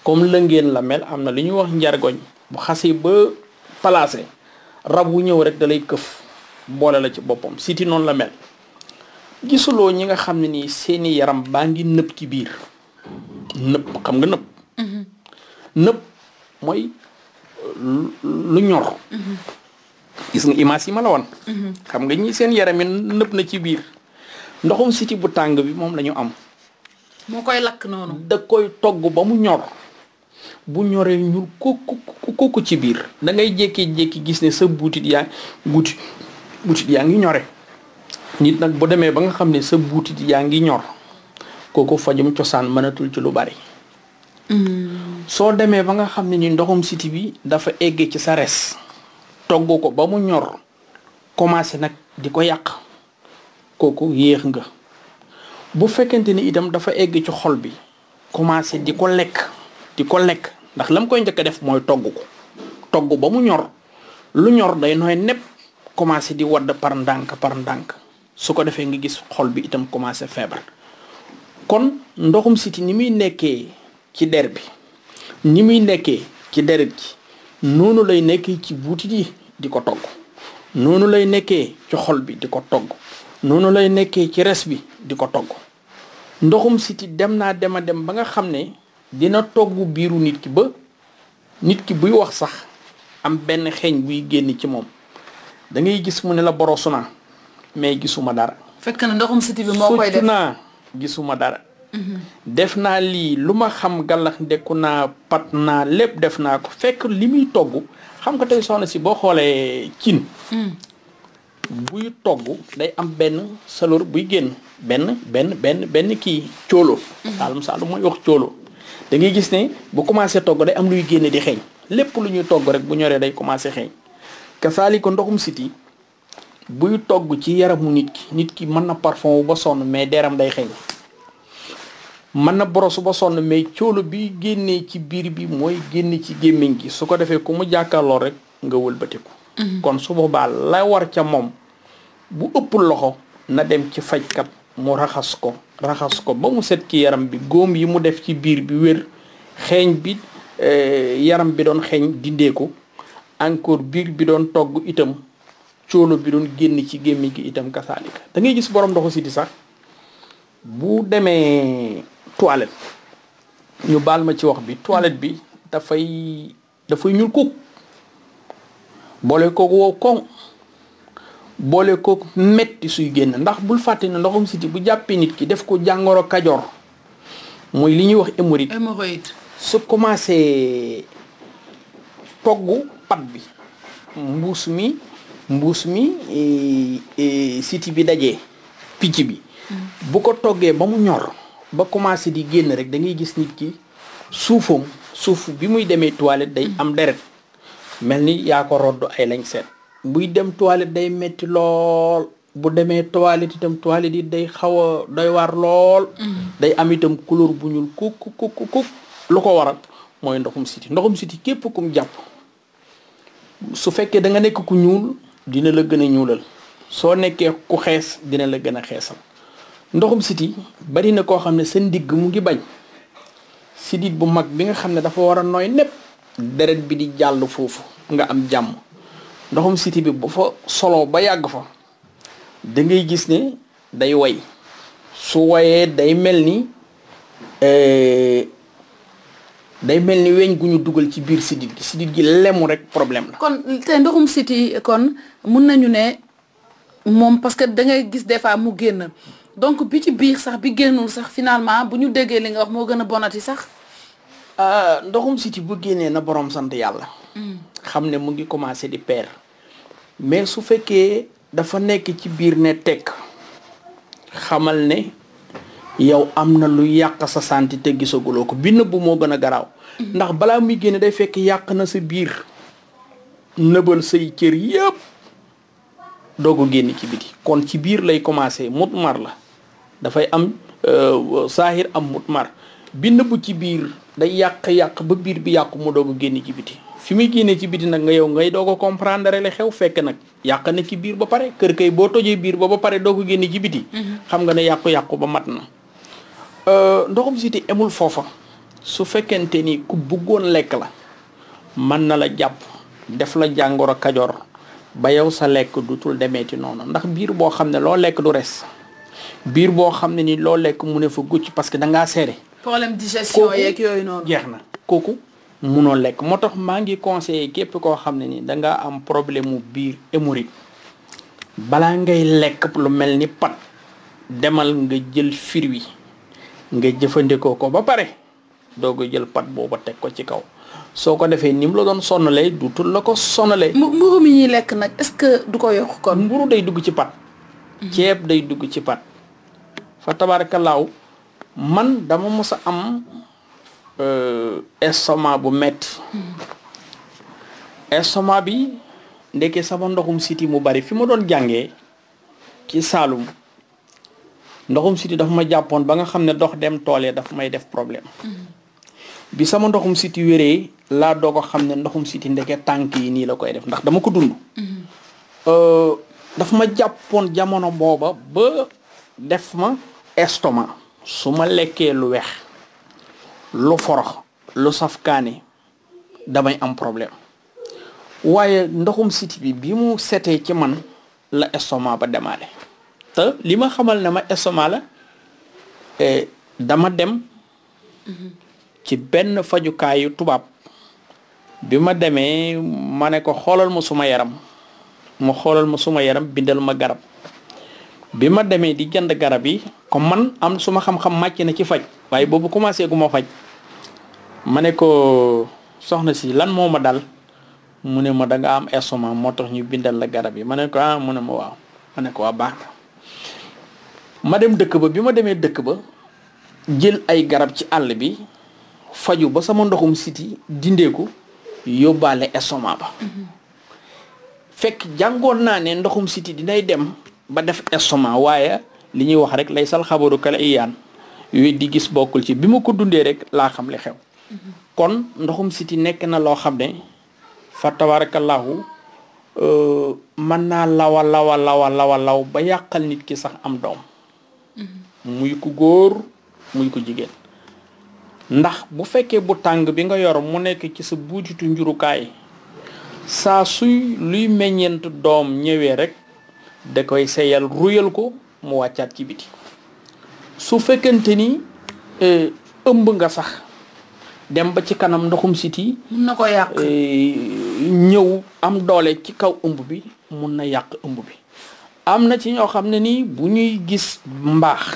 comme lëngeen la mel am na lu ñuy wax njargoñ bu xasee ba placé rab wu ñëw rek da këf boole la ci boppam siti noonu la mel gisuloo ñi nga xam ne nii seeni yaram baa ngi nëb ci biir nëpp xam nga nëpp. Mhm. nëpp mooy lu ñor. Mhm. gis nga image yi ma la mhm. xam nga ñi seen yaram yi nëpp na ci biir ndoxum siti bu tàng bi moom lañu am. moo koy lakk noonu. da koy togg ba mu ñor bu ñoree ñuul kooku kooku ci biir dangay ngay jékki gis ne sa buutit yaa buutit yaa ngi ñore nit nag bu demee ba nga xam ne sa buutit yaa ngi ñor. kooku fajum cosaan mënatul ci lu bari. soo demee ba nga xam ne ni ndoxum siti bi dafa egg ci sa res. togg ko ba mu ñor commencé nag di ko yàq kooku yéex nga bu fekkente ni itam dafa egg ci xol bi commencé di ko lekk di ko lekk ndax lam koy njëkk a def mooy togg ko togg ba mu ñor lu ñor day nooy népp commencé di wadd par ndànk par ndànk su ko defee nga gis xol bi itam commencé feebar kon ndoxum siti ni muy nekkee ci der bi ni muy nekkee ci deret ji noonu lay nekkee ci buutit yi di ko togg noonu lay nekkee ci xol bi di ko togg noonu lay nekkee ci res bi di ko togg ndoxum siti dem naa dem a dem ba nga xam ne dina toggu biiru nit ki ba nit ki buy wax sax am benn xeeñ buy génn ci moom da ngay gis mu ne la borosu naa mais gisuma dara. fekk na ndoxum siti bi moo koy def gisuma dara def naa lii lu ma xam gàllax ndekku naa pat naa lépp def naa ko fekk li muy togg xam nga tey soxna si boo xoolee cin mm. buy togg day am benn saloor buy génn benn benn benn benn kii cóolo mm. saalum saalum mooy wax cóolo da ngay gis ne bu commencé togg day am luy génne di xeeñ lépp lu ñuy togg rek bu ñoree day commencé xeeñ kasaali ko ndoxum siti buy togg ci yaramu nit ki nit ki mën na parfum wu ba sonn mais deram day xeeñ mën na borosu ba sonn mais coolo bi génnee ci biir bi mooy génn ci gémmiñ gi su ko defee ku mu jàkkaarloo rek nga wëlbatiku mhm. kon su boobaa la war ca moom bu ëpp loxo na dem ci fajkat mu raxas ko raxas ko ba mu set ki yaram bi góom yi mu def ci biir bi wér xeeñ bi eh, yaram bi doon xeeñ dindeeku encore biir bi doon togg itam cóolo bi doon génn ci gémmiñ gi itam kasaalika da ngay gis borom ndoxu siti sax bu demee toilette ñu baal ma ci wax bi toilette bi dafay dafay ñuul kook boole kook wow koŋ boole kook metti suy génn ndax bul fàtte na ndoxum siti bu jàppee nit ki def ko jàngoro kajoor mooy li ñuy wax hémorroïde hémorroïde su commencé toggu pat bi mbuus mi mbuus mi siti bi dajee picc bi bu ko toggee ba mu ñor ba commencé di génn rek da ngay gis nit ki suufam suuf bi muy demee toilette day am deret mel ni yaa ko rodd ay lañ seet buy dem toilette day metti lool bu demee toilette itam toilette yi day xaw a doy waar lool mm. day am itam couleur bu ñuul kuk kuk kuk lu ko waral mooy ndoxum siti ndoxum siti képp kum jàpp su fekkee da nekk ku ñuul dina la gën a ñuulal soo nekkee ku xees dina la gën a xeesal ndoxum siti bari na koo xam ne sa ndigg mu ngi bañ sidit bu mag bi nga xam ne dafa war a nooy népp deret bi di jàll foofu nga am jàmm ndoxum siti bi bu fa soloo ba yàgg fa da gis ne day way su wayee day mel ni euh, day mel ni weñ gu ñu dugal ci biir sidit gi sidit gi lemu rek problème la. kon te ndoxum siti kon mun nañu ne moom parce que da ngay gis des fois mu génn donc bi ci biir sax bi génnul sax finalement bu ñu déggee li nga wax moo gën a bonati sax. Euh, ndoxum siti bu génnee na borom sant yàlla. Hmm. xam ne mu ngi commencé di peer mais su fekkee dafa nekk ci biir ne tekk xamal ne. yow am na lu yàq sa santé te gisaguloo ko bi nëbb moo gën a garaaw ndax balaa muy génne day fekk yàq na sa biir nëbal say cër yëpp doog a génn ci biti kon ci biir lay commencé mutmar la dafay am euh, saahir am mutmar bi nëbb ci biir day yàq-yàq ba biir bi yàqu mu doog génn ci biti fi muy génnee ci biti nag nga yow ngay doo a comprendre la xew fekk nag yàq na ci biir ba pare kër kay boo tojee biir ba ba pare doog a génn ci biti mm-hmm. xam nga ne yàqu-yàqu ba mat na Euh, ndoxum siti emul foofa su fekkente ni ku bëggoon lekk la mën na la jàpp def la jàngoro kajoor ba yow sa lekk dutul demee ti noonu ndax biir boo xam ne loo lekk du res biir boo xam ne ni loo lekk mu ne fa gucc parce que da ngaa seere problème digestion yeeg yooyu noonu jeex na kooku munoo lekk moo tax maa ngi conseillé képp koo xam ne nii danga am problème mu biir hémorroïde balaa ngay lekk lu mel ni pat demal nga jël fir wi nga jëfandikoo ko ba pare doo a jël pat boobu teg ko ci kaw soo ko defee ni la doon sonalee dutul la ko sonalee. mi lekk nag est-ce que du ko yokk kon. mburu day dugg ci pat. Mhm. ceeb day dugg ci pat. fa tabarka laaw man dama mos a am euh, estomac bu metti mhm. estomac bi ndekkee sama ndoxum siti mu bari fi ma doon jàngee ci Saalum. ndoxum siti dafa ma jàppoon ba nga xam ne dox dem toolee dafa may def problème bi sama ndoxum siti wéree laa doo ko xam ne ndoxum siti ndeke tànk yi nii la koy def ndax dama ko dund mhm. euh, dafa ma jàppoon jamono booba ba def ma estomac su ma lekkee lu weex lu forox lu safkaane damay am problème waaye ndoxum siti bi bi mu setee ci man la estomac ba demaale te li ma xamal na ma estomac la eh, dama dem ci benn fajukaayu tubaab bi ma demee ma ne ko xoolal ma suma yaram mu xoolal ma suma yaram bindal ma garab bi ma demee di jand garab yi comme man am suma xam-xam màcc na ci faj waaye boobu commencé gu ma faj ma ne ko soxna si lan moo ma daal mu ne ma danga am estomac moo tax ñu bindal la garab yi ma ne ko ah mu ne ma waaw ma ne ko waa baax ma dem dëkk ba bi ma demee dëkk ba jël ay garab ci àll bi faju ba sama ndoxum siti dindeeku yóbbaale estomac ba fekk jàngoon naa ne ndoxum siti dinay dem ba def estomac waaye li ñuy wax rek lay sal xabaru kala iyaan yooyu di gis bokkul ci bi ma ko dundee rek laa xam li xew kon ndoxum siti nekk na loo xam ne fa tabarakallahu euh, mën naa lawa lawa lawa lawa law ba yàqal nit ki sax am doom muy ku góor muy ku jigéen ndax bu fekkee bu tàng bi nga yor mu nekk ci sa buutitu njurukaay saa suy luy meññeent doom ñëwee rek da koy seyal ruyal ko mu wàccaat ci biti su fekkente ni e, ëmb nga sax dem ba ci kanam ndoxum siti mun na ko yàq e, ñëw am doole ci kaw ëmb bi mun na yàq ëmb bi am na ci ñoo xam ne nii bu ñuy gis mbaax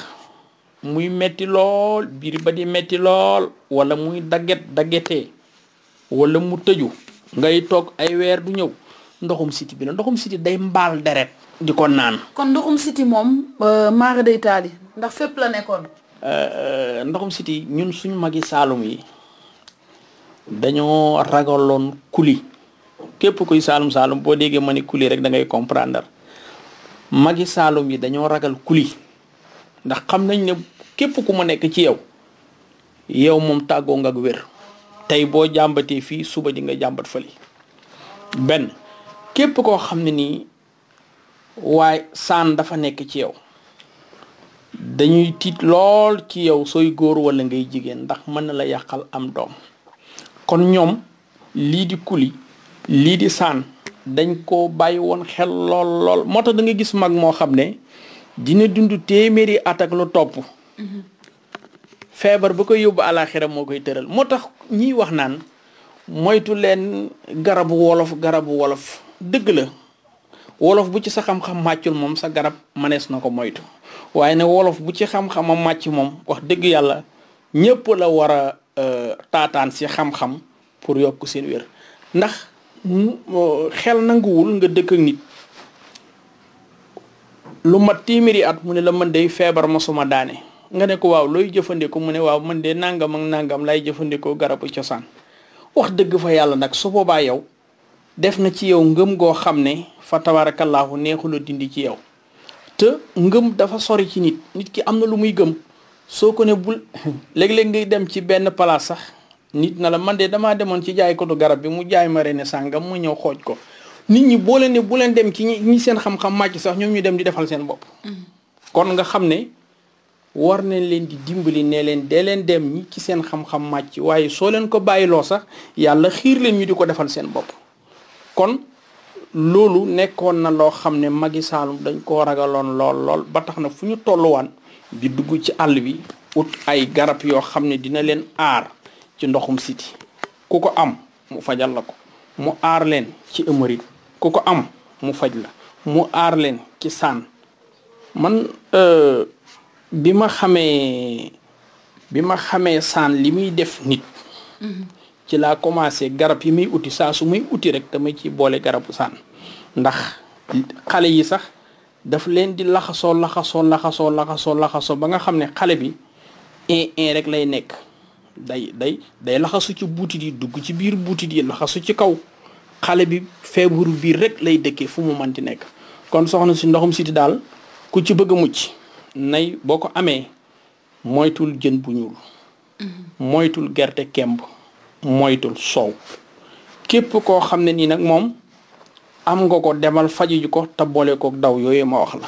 muy metti lool biir ba di metti lool wala muy dagget daggetee wala mu tëju ngay toog ay weer du ñëw ndoxum siti bi la ndoxum siti day mbaal deret di ko naan kon ndoxum siti moom euh, maara day taali ndax fépp la nekkoon euh, euh, ndoxum siti ñun suñu magi saalum yi dañoo ragaloon kuli képp kuy saalum saalum boo déggee ma ni kuli rek da ngay comprendre magi saalum yi dañoo ragal kuli ndax xam nañ ne képp ku ma nekk ci yow yow moom tàggoo nga ak wér tey boo jàmbatee fii suba di nga jàmbat fële benn képp koo xam ne nii waaye saan dafa nekk ci yow dañuy tiit lool ci yow sooy góor walla ngay jigéen ndax mën na la yàqal am doom kon ñoom lii di kuli lii di saan dañ ko bàyyi woon xel lool lool moo tax da gis mag moo xam ne dina dund téeméeri at ak lu topp feebar ba koy yóbbu àlaxira moo koy tëral moo tax ñiy wax naan moytu leen garabu wolof garabu wolof dëgg la wolof bu ci sa xam-xam màccul moom sa garab manees na ko moytu waaye ne wolof bu ci xam-xama màcc moom wax dëgg yàlla ñépp la war a euh, taataan si xam-xam pour yokk seen wér ndax xel nanguwul nga dëkk nit lu mat téeméeri at mu ne la man dey feebar ma suma daane nga ne ko waaw looy jëfandikoo mu ne waaw man de nangam ak nangam lay jëfandikoo garabu cosaan wax dëgg fa yàlla nag su boobaa yow def na ci yow ngëm goo xam ne fa tabaarakallaahu neexula dindi ci yow te ngëm dafa sori ci nit nit ki am na lu muy gëm soo ko ne bul (coughs) léeg-léeg ngay dem ci benn palaas sax nit na la man de damaa demoon ci jaay kotu garab bi mu jaay ma rene sàngam mu ñëw xooj ko nit ñi boo leen ne bu leen dem ci ñi seen xam-xam màcc sax ñoom ñu dem di defal seen bopp. Mm-hmm. kon nga xam ne war nañ leen di dimbali ne leen dee leen dem ci seen xam màcc waaye soo leen ko bàyyiloo sax yàlla xiir leen ñu di ko defal seen bopp kon. loolu nekkoon na loo xam ne magi Saalum dañ koo ragaloon lool lool ba tax na fu ñu tolluwaan di dugg ci àll bi ut ay garab yoo xam ne dina leen aar ci ndoxum siti ku ko am mu fajal la ko mu aar leen ci ëmërit ku ko am mu faj la mu aar leen ci saan man euh, bi ma xamee bi ma xamee saan li muy def nit ci laa commencé garab yi muy uti saa su muy uti rek dama ci boole garabu saan ndax xale yi sax daf leen di laxasoo laxasoo laxasoo laxasoo laxasoo ba nga xam ne xale bi un un rek lay nekk day day day laxasu ci butit yi dugg ci biir butit yi laxasu ci kaw xale bi feebaru biir rek lay dëkkee fu mu manti nekk kon soxna si ndoxum si di daal ku ci bëgg a mucc nay boo ko amee moytul jën bu ñuul mhm. moytul gerte kemb moytul soow képp koo xam ne nii nag moom am nga ko demal faju ji ko te boole ko daw yooyu ma wax la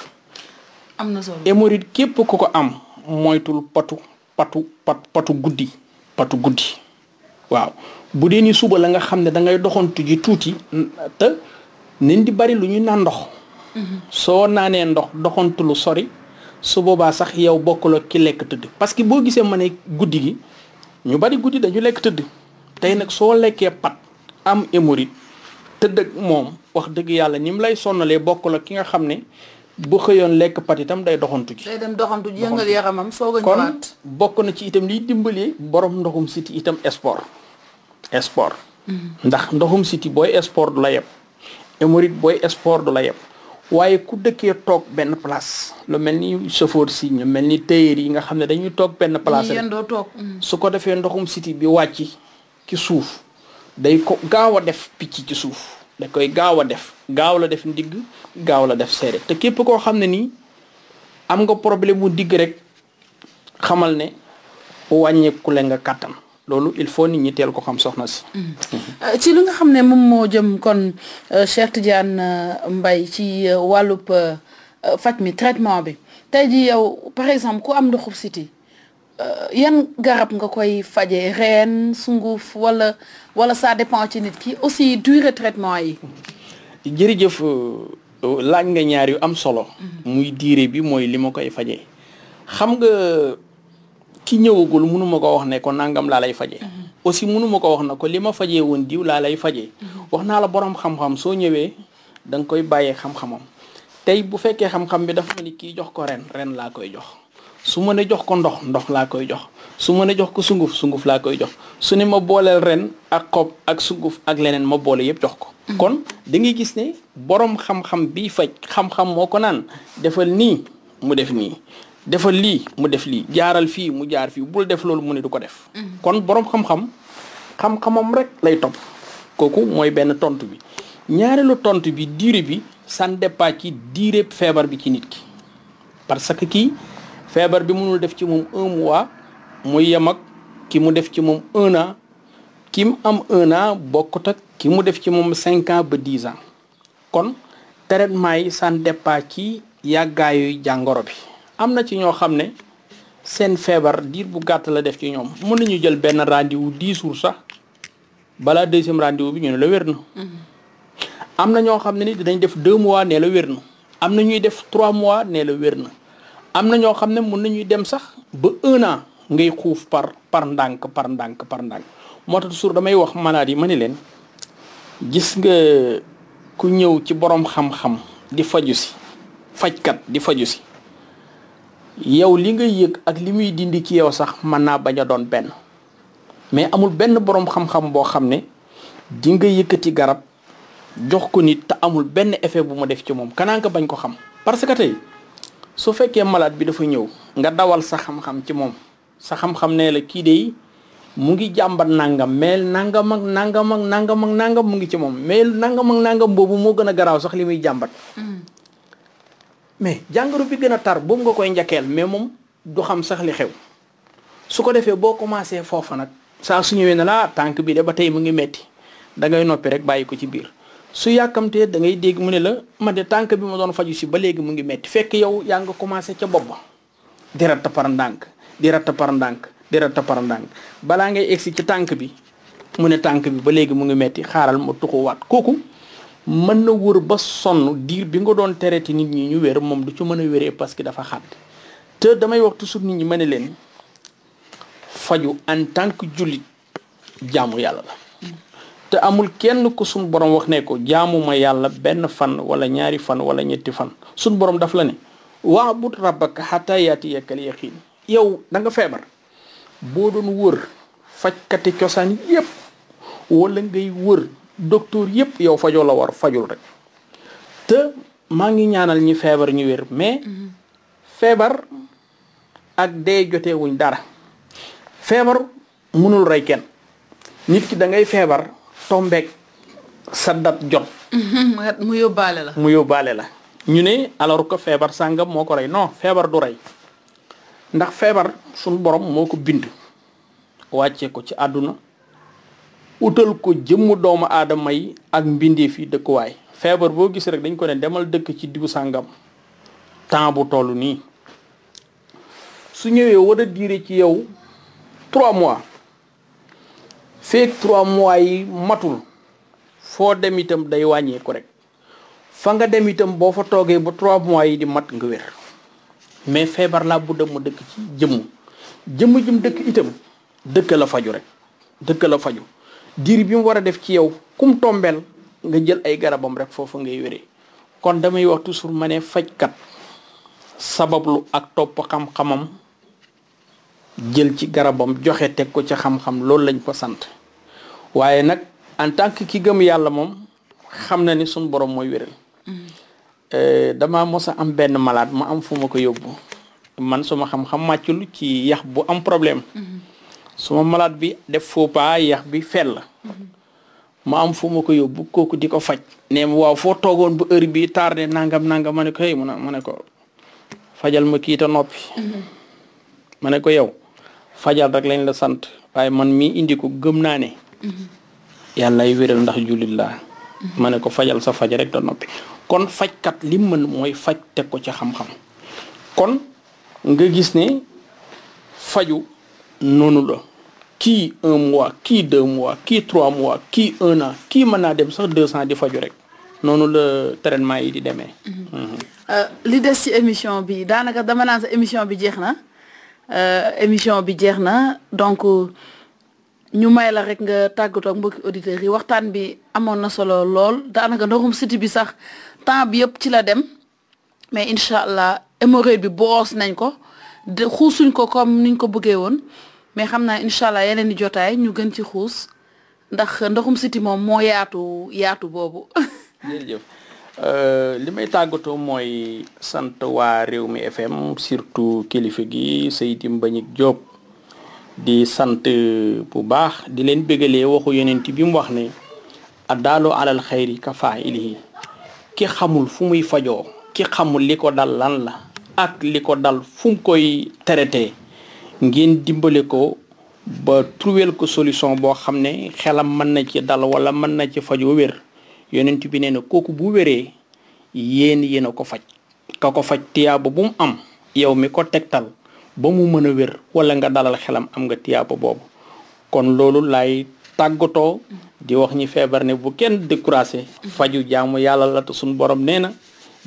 am na solo hémorroïde képp ku ko am moytul patu patu pat patu guddi patu guddi waaw bu dee ni suba la nga xam ne da ngay doxantu ji tuuti te nañ di bari lu ñu naan ndox mhm. soo naanee ndox doxantu lu sori su boobaa sax yow bokkuloo ki lekk tëdd parce que boo gisee ma ne guddi gi ñu bari guddi dañu lekk tëdd tey nag soo lekkee pat am hémorroïde tëdd ak moom wax dëgg yàlla ni mu lay sonnalee bokkuloo ki nga xam ne bu xëyoon lekk pat itam day doxantu ji. day dem doxantu ji yëngal yaramam kon bokk na ci itam liy dimbali borom ndoxum siti itam sport sport. Mhm. ndax ndoxum siti booy sport du la yeb hémorroïde booy sport du la yeb waaye ku dëkkee toog benn place lu mel ni chauffeur si ñu mel ni tailleur yi nga xam ne dañuy toog benn place rek mhm. su ko defee ndoxum siti bi wàcc ci suuf day ko gaaw a def picc ci suuf. da koy gaaw a def gaaw la def ndigg gaaw la def seere te képp koo xam ne nii am nga problème mu digg rek xamal ne wàññeeku la nga kàttan loolu il faut nit ñi teel ko xam soxna si. Mm-hmm. Euh, ci li nga xam ne moom moo jëm kon euh, Cheikh Tidiane euh, mbay ci wàllub faj mi traitement bi tey ji yow par exemple ku am ndoxu siti Euh, yan garab nga koy faje reen sunguf wala wala ça dépend ci nit ki aussi durée traitement yi jërëjëf euh, laaj nga ñaar yu am solo mhm. muy diire bi mooy li ma koy faje xam nga ki ñëwagul mënuma ko wax ne ko nangam laa lay faje mhm. mënuma ko wax na ko li ma fajee woon diw laa lay faje mhm. wax naa la boroom xam-xam soo ñëwee danga koy bàyyee xam-xamam tey bu fekkee xam-xam bi dafa ma ni kii jox ko ren ren laa koy jox su ma ne jox ko ndox ndox laa koy jox su ma ne jox ko sunguf sunguf laa koy jox su ne ma booleel ren ak xob ak sunguf ak leneen ma boole yëpp jox ko mm-hmm. kon da ngay gis ne boroom xam-xam bi faj xam-xam moo ko naan defal nii mu def nii defal lii mu def lii jaaral fii mu jaar fii bul def loolu mu ne du ko def mm-hmm. kon boroom xam-xam xam-xamam rek lay topp kooku mooy benn tontu bi ñaareelu tontu bi diire bi ça dépend ci diire feebar bi ci nit ki parce que feebar bi mënul def ci moom un mois mu yem ak ki mu def ci moom un an ki mu am un an bokkut ak ki mu def ci moom cinq ba dix ans kon traitement yi ça dépend ci yàggaayu jàngoro bi. am na ci ñoo xam ne seen feebar diir bu gàtt la def ci ñoom mën nañu jël benn rendez-vous dix jours sax balaa deuxième rendez bi ñu ne la wér na. Mm-hmm. am na ñoo xam ne ni dinañ def deux mois nee la wér na. am na ñuy def trois mois nee la wér na. am na ñoo xam ne mun nañuy dem sax ba un ngay xuuf par par ndànk par ndànk par moo tax toujours damay wax malade yi ma ne leen gis nga ku ñëw ci borom xam-xam di faju si fajkat di faju si yow li nga yëg ak li muy dindi ci yow sax mën naa bañ a doon benn mais amul benn borom xam-xam boo xam ne di nga yëkkati garab jox ko nit te amul benn effet bu mu def ci moom kanaan nga bañ ko xam parce que tey su fekkee malaat bi dafa ñëw nga dawal sa xam-xam ci moom sa xam-xam ne la kii de mu ngi jàmbat nangam mais nangam ak nangam ak nangam ak nangam mu ngi ci moom mais nangam ak nangam boobu moo gën a garaaw sax li muy jàmbat. Mm. mais jàngoro bi gën a tar boobu nga koy njakkeel mais moom du xam sax li xew su ko defee boo commencé foofa nag saa su ñëwee ne la ah tànk bi de ba tey mu ngi metti da ngay noppi rek bàyyi ko ci biir. su yàkkamtee dangay dégg mu ne la ma tànk bi ma doon faju si ba léegi mu ngi metti fekk yow yaa nga commencé ca bopp ba di ratta par ndànk di par ndànk di ratta par balaa ngay egsi ci tànk bi mu ne tànk bi ba léegi mu ngi metti xaaral ma tuxuwaat kooku mën na wër ba sonn diir bi nga doon tereti nit ñi ñu wér moom du ci mën a wéree parce que dafa xat te damay wax toujours nit ñi ma ne leen faju en tànk que jullit jaamu yàlla la te amul kenn ku sun borom wax ne ko jaamuma yàlla benn fan wala ñaari fan wala ñetti fan sun borom daf la ne waabud rabbaka xataa yaatiyakal yaqiin yow da nga feebar boo doon wër fajkati cosaan yépp wala ngay wër docteur yépp yow fajoo la war fajul rek te maa ngi ñaanal ñi feebar ñu wér mais feebar ak dee jotewuñ dara feebar mënul rey kenn nit ki da feebar tombeek sa dat jot. (laughs) mu yóbbaale la. mu yóbbaale la ñu ne alors ko feebar sàngam moo ko rey no feebar du rey ndax feebar suñ borom moo ko bind wàcce ko ci àdduna wutal ko jëmm doomu aadama yi ak mbindeef fii dëkkuwaay feebar boo gis rek dañ ko ne demal dëkk ci dibu sàngam temps bu toll nii su ñëwee war diire ci yow trois mois. feek trois mois yi matul foo dem itam day wàññeeku rek fa nga dem itam boo fa toogee ba trois mois yi di mat nga wér mais feebar laa bu dem mu dëkk ci jëmm jëmm jëm dëkk itam dëkk la faju rek dëkk la faju diir bi mu war a def ci yow kum tombeel nga jël ay garabam rek foofu ngay wéree kon damay wax toujours ma ne fajkat sabablu ak topp xam-xamam jël ci garabam joxe teg ko ci xam-xam loolu lañ ko sant waaye nag en tant que ki gëm yàlla moom xam na ni sum boroom mooy wéral mm-hmm. eh, dama mos a am benn malaat ma am fu ma ko yóbbu man suma xam-xam màccul ci yax bu am problème mm-hmm. suma malaat bi def faux pas yax bi fell mm-hmm. ma am fu ma ko yóbbu kooku di ko faj nee ma waaw foo toogoon bu heure bi tardé nangam nangam ma ne ko hey mu ma ne ko fajal ma kiita noppi ma ne ko yow fajal rek lañ la sant waaye man mii indi ko gëm naa ne yàlla ay wéral ndax jullit la ma ne ko fajal sa faj rek da noppi kon faj fajkat li mën mooy faj teg ko ci xam-xam kon nga gis ne faju noonu la kii un mois kii deux mois kii trois mois kii un an kii mën naa dem sax deux cent di faju rek noonu la traitement yi di demee mm-hmm. euh, li des ci émission bi daanaka dama naan émission bi jeex na Euh, émission bi jeex na donc ñu may la rek nga tàggatoo ak mbokki auditeurs yi waxtaan bi amoon na solo lool daanaka ndoxum siti bi sax temps bi yëpp ci la dem mais incha allah hémorroïde bi boos nañ ko de xuusuñ ko comme niñ ko bëggee woon mais xam naa incha allah yeneen i jotaay ñu gën ci xuus ndax ndoxum siti moom moo yaatu yaatu boobu. (laughs) Euh, li may tàggatoo mooy sant waa réew mi FM surtout kilifa gi Seydi Mbagnick Diop di sant bu baax di leen bégalee waxu yeneenti bi mu wax ne addaalu alal xayri ka faa'ilihi ki xamul fu muy fajoo ki xamul li ko dal lan la ak li ko dal fum koy traité ngeen dimbale ko ba trouver ko solution boo xam ne xelam mën na ci dal wala mën na ci fajoo wér yonent bi nee na kooku bu wéree yéen yéen a ko faj ka ko faj tiyaaba bu mu am yow mi ko tegtal ba mu mën a wér wala nga dalal xelam am nga tiyaaba boobu kon loolu lay tàggatoo di wax ñi feebar ne bu kenn découragé faju jaamu yàlla la te suñ borom nee na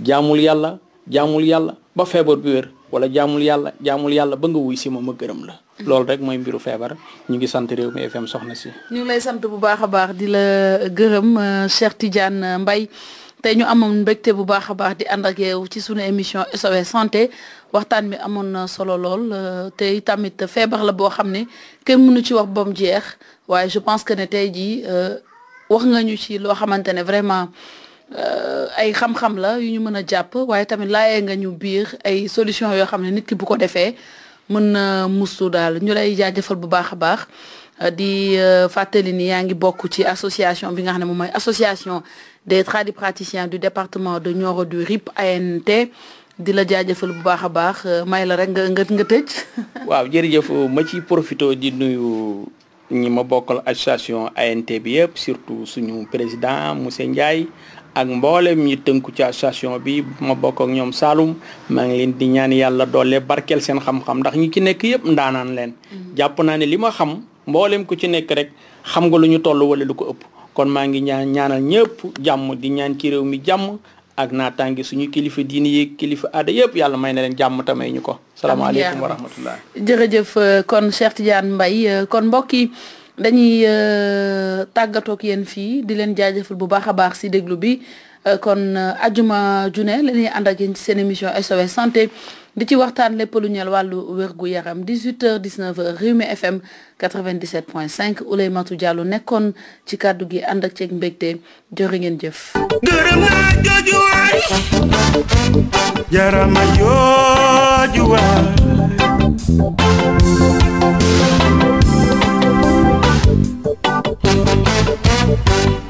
jaamul yàlla jaamul yàlla ba feebar bi wér wala jaamul yàlla jaamul yàlla ba nga wuy si ma ma gërëm la loolu rek mooy mbiru feebar ñu ngi sant réew mi FM soxna si. ñu lay sant bu baax a baax di la gërëm euh, Cheikh Tidiane euh, mbay te ñu amoon mbégte bu baax a baax di ànd ak yow ci suñu émission SOS santé waxtaan bi amoon na solo lool euh, tey tamit feebar la boo xam ne kenn mënu ci wax ba jeex waaye je pense que ne tey jii wax nga ñu ci loo xamante ne vraiment. ay xam-xam la yu ñu mën a jàpp waaye tamit laayee nga ñu biir ay solution yoo xam ne nit ki bu ko defee mën na muslu daal ñu lay jaajëfal bu baax a baax euh, di euh, fàttali ni yaa ngi bokk ci association bi nga xam ne moom mooy association des praticien du département de Nioro du RIP ANT di la jaajëfal bu baax a baax euh, may la rek nga nga nga tëj. (laughs) waaw jërëjëf ma ci profito di nuyu ñi ma bokkal association ANT bi yëpp surtout suñu président monsieur Ndiaye. ak mboolem ñi tënku ci association bi ma bokk ak ñoom Saloum maa ngi leen di ñaan yàlla doole barkeel seen xam-xam ndax ñu ci nekk yëpp ndaanaan leen. Mm-hmm. jàpp naa ne li ma xam mboolem ku ci nekk rek xam nga lu ñu toll wala lu ko ëpp kon maa ngi ñaan ñaanal ñëpp jàmm di ñaan ki réew mi jàmm. ak naataange suñu kilifa diini yi kilifa aada yëpp yàlla may na leen jàmm tamay ñu ko. salaamaaleykum wa rahmatullah jërëjëf kon Cheikh Tidiane Mbaye kon mbokk dañuy euh, tàggatoog yéen fii di leen jaajëfal bu baax a baax si déglu bi euh, kon euh, ajuma june la ñuy ànd ak yéen ci seen émission SOS santé di ci waxtaan lépp lu ñeel wàllu wérgu yaram 18h 19h Rewmi FM 97.5 Ouleymatou Diallo nekkoon ci kàddu gi ànd ak ceeg mbégte jori ngeen jëf. Thank you.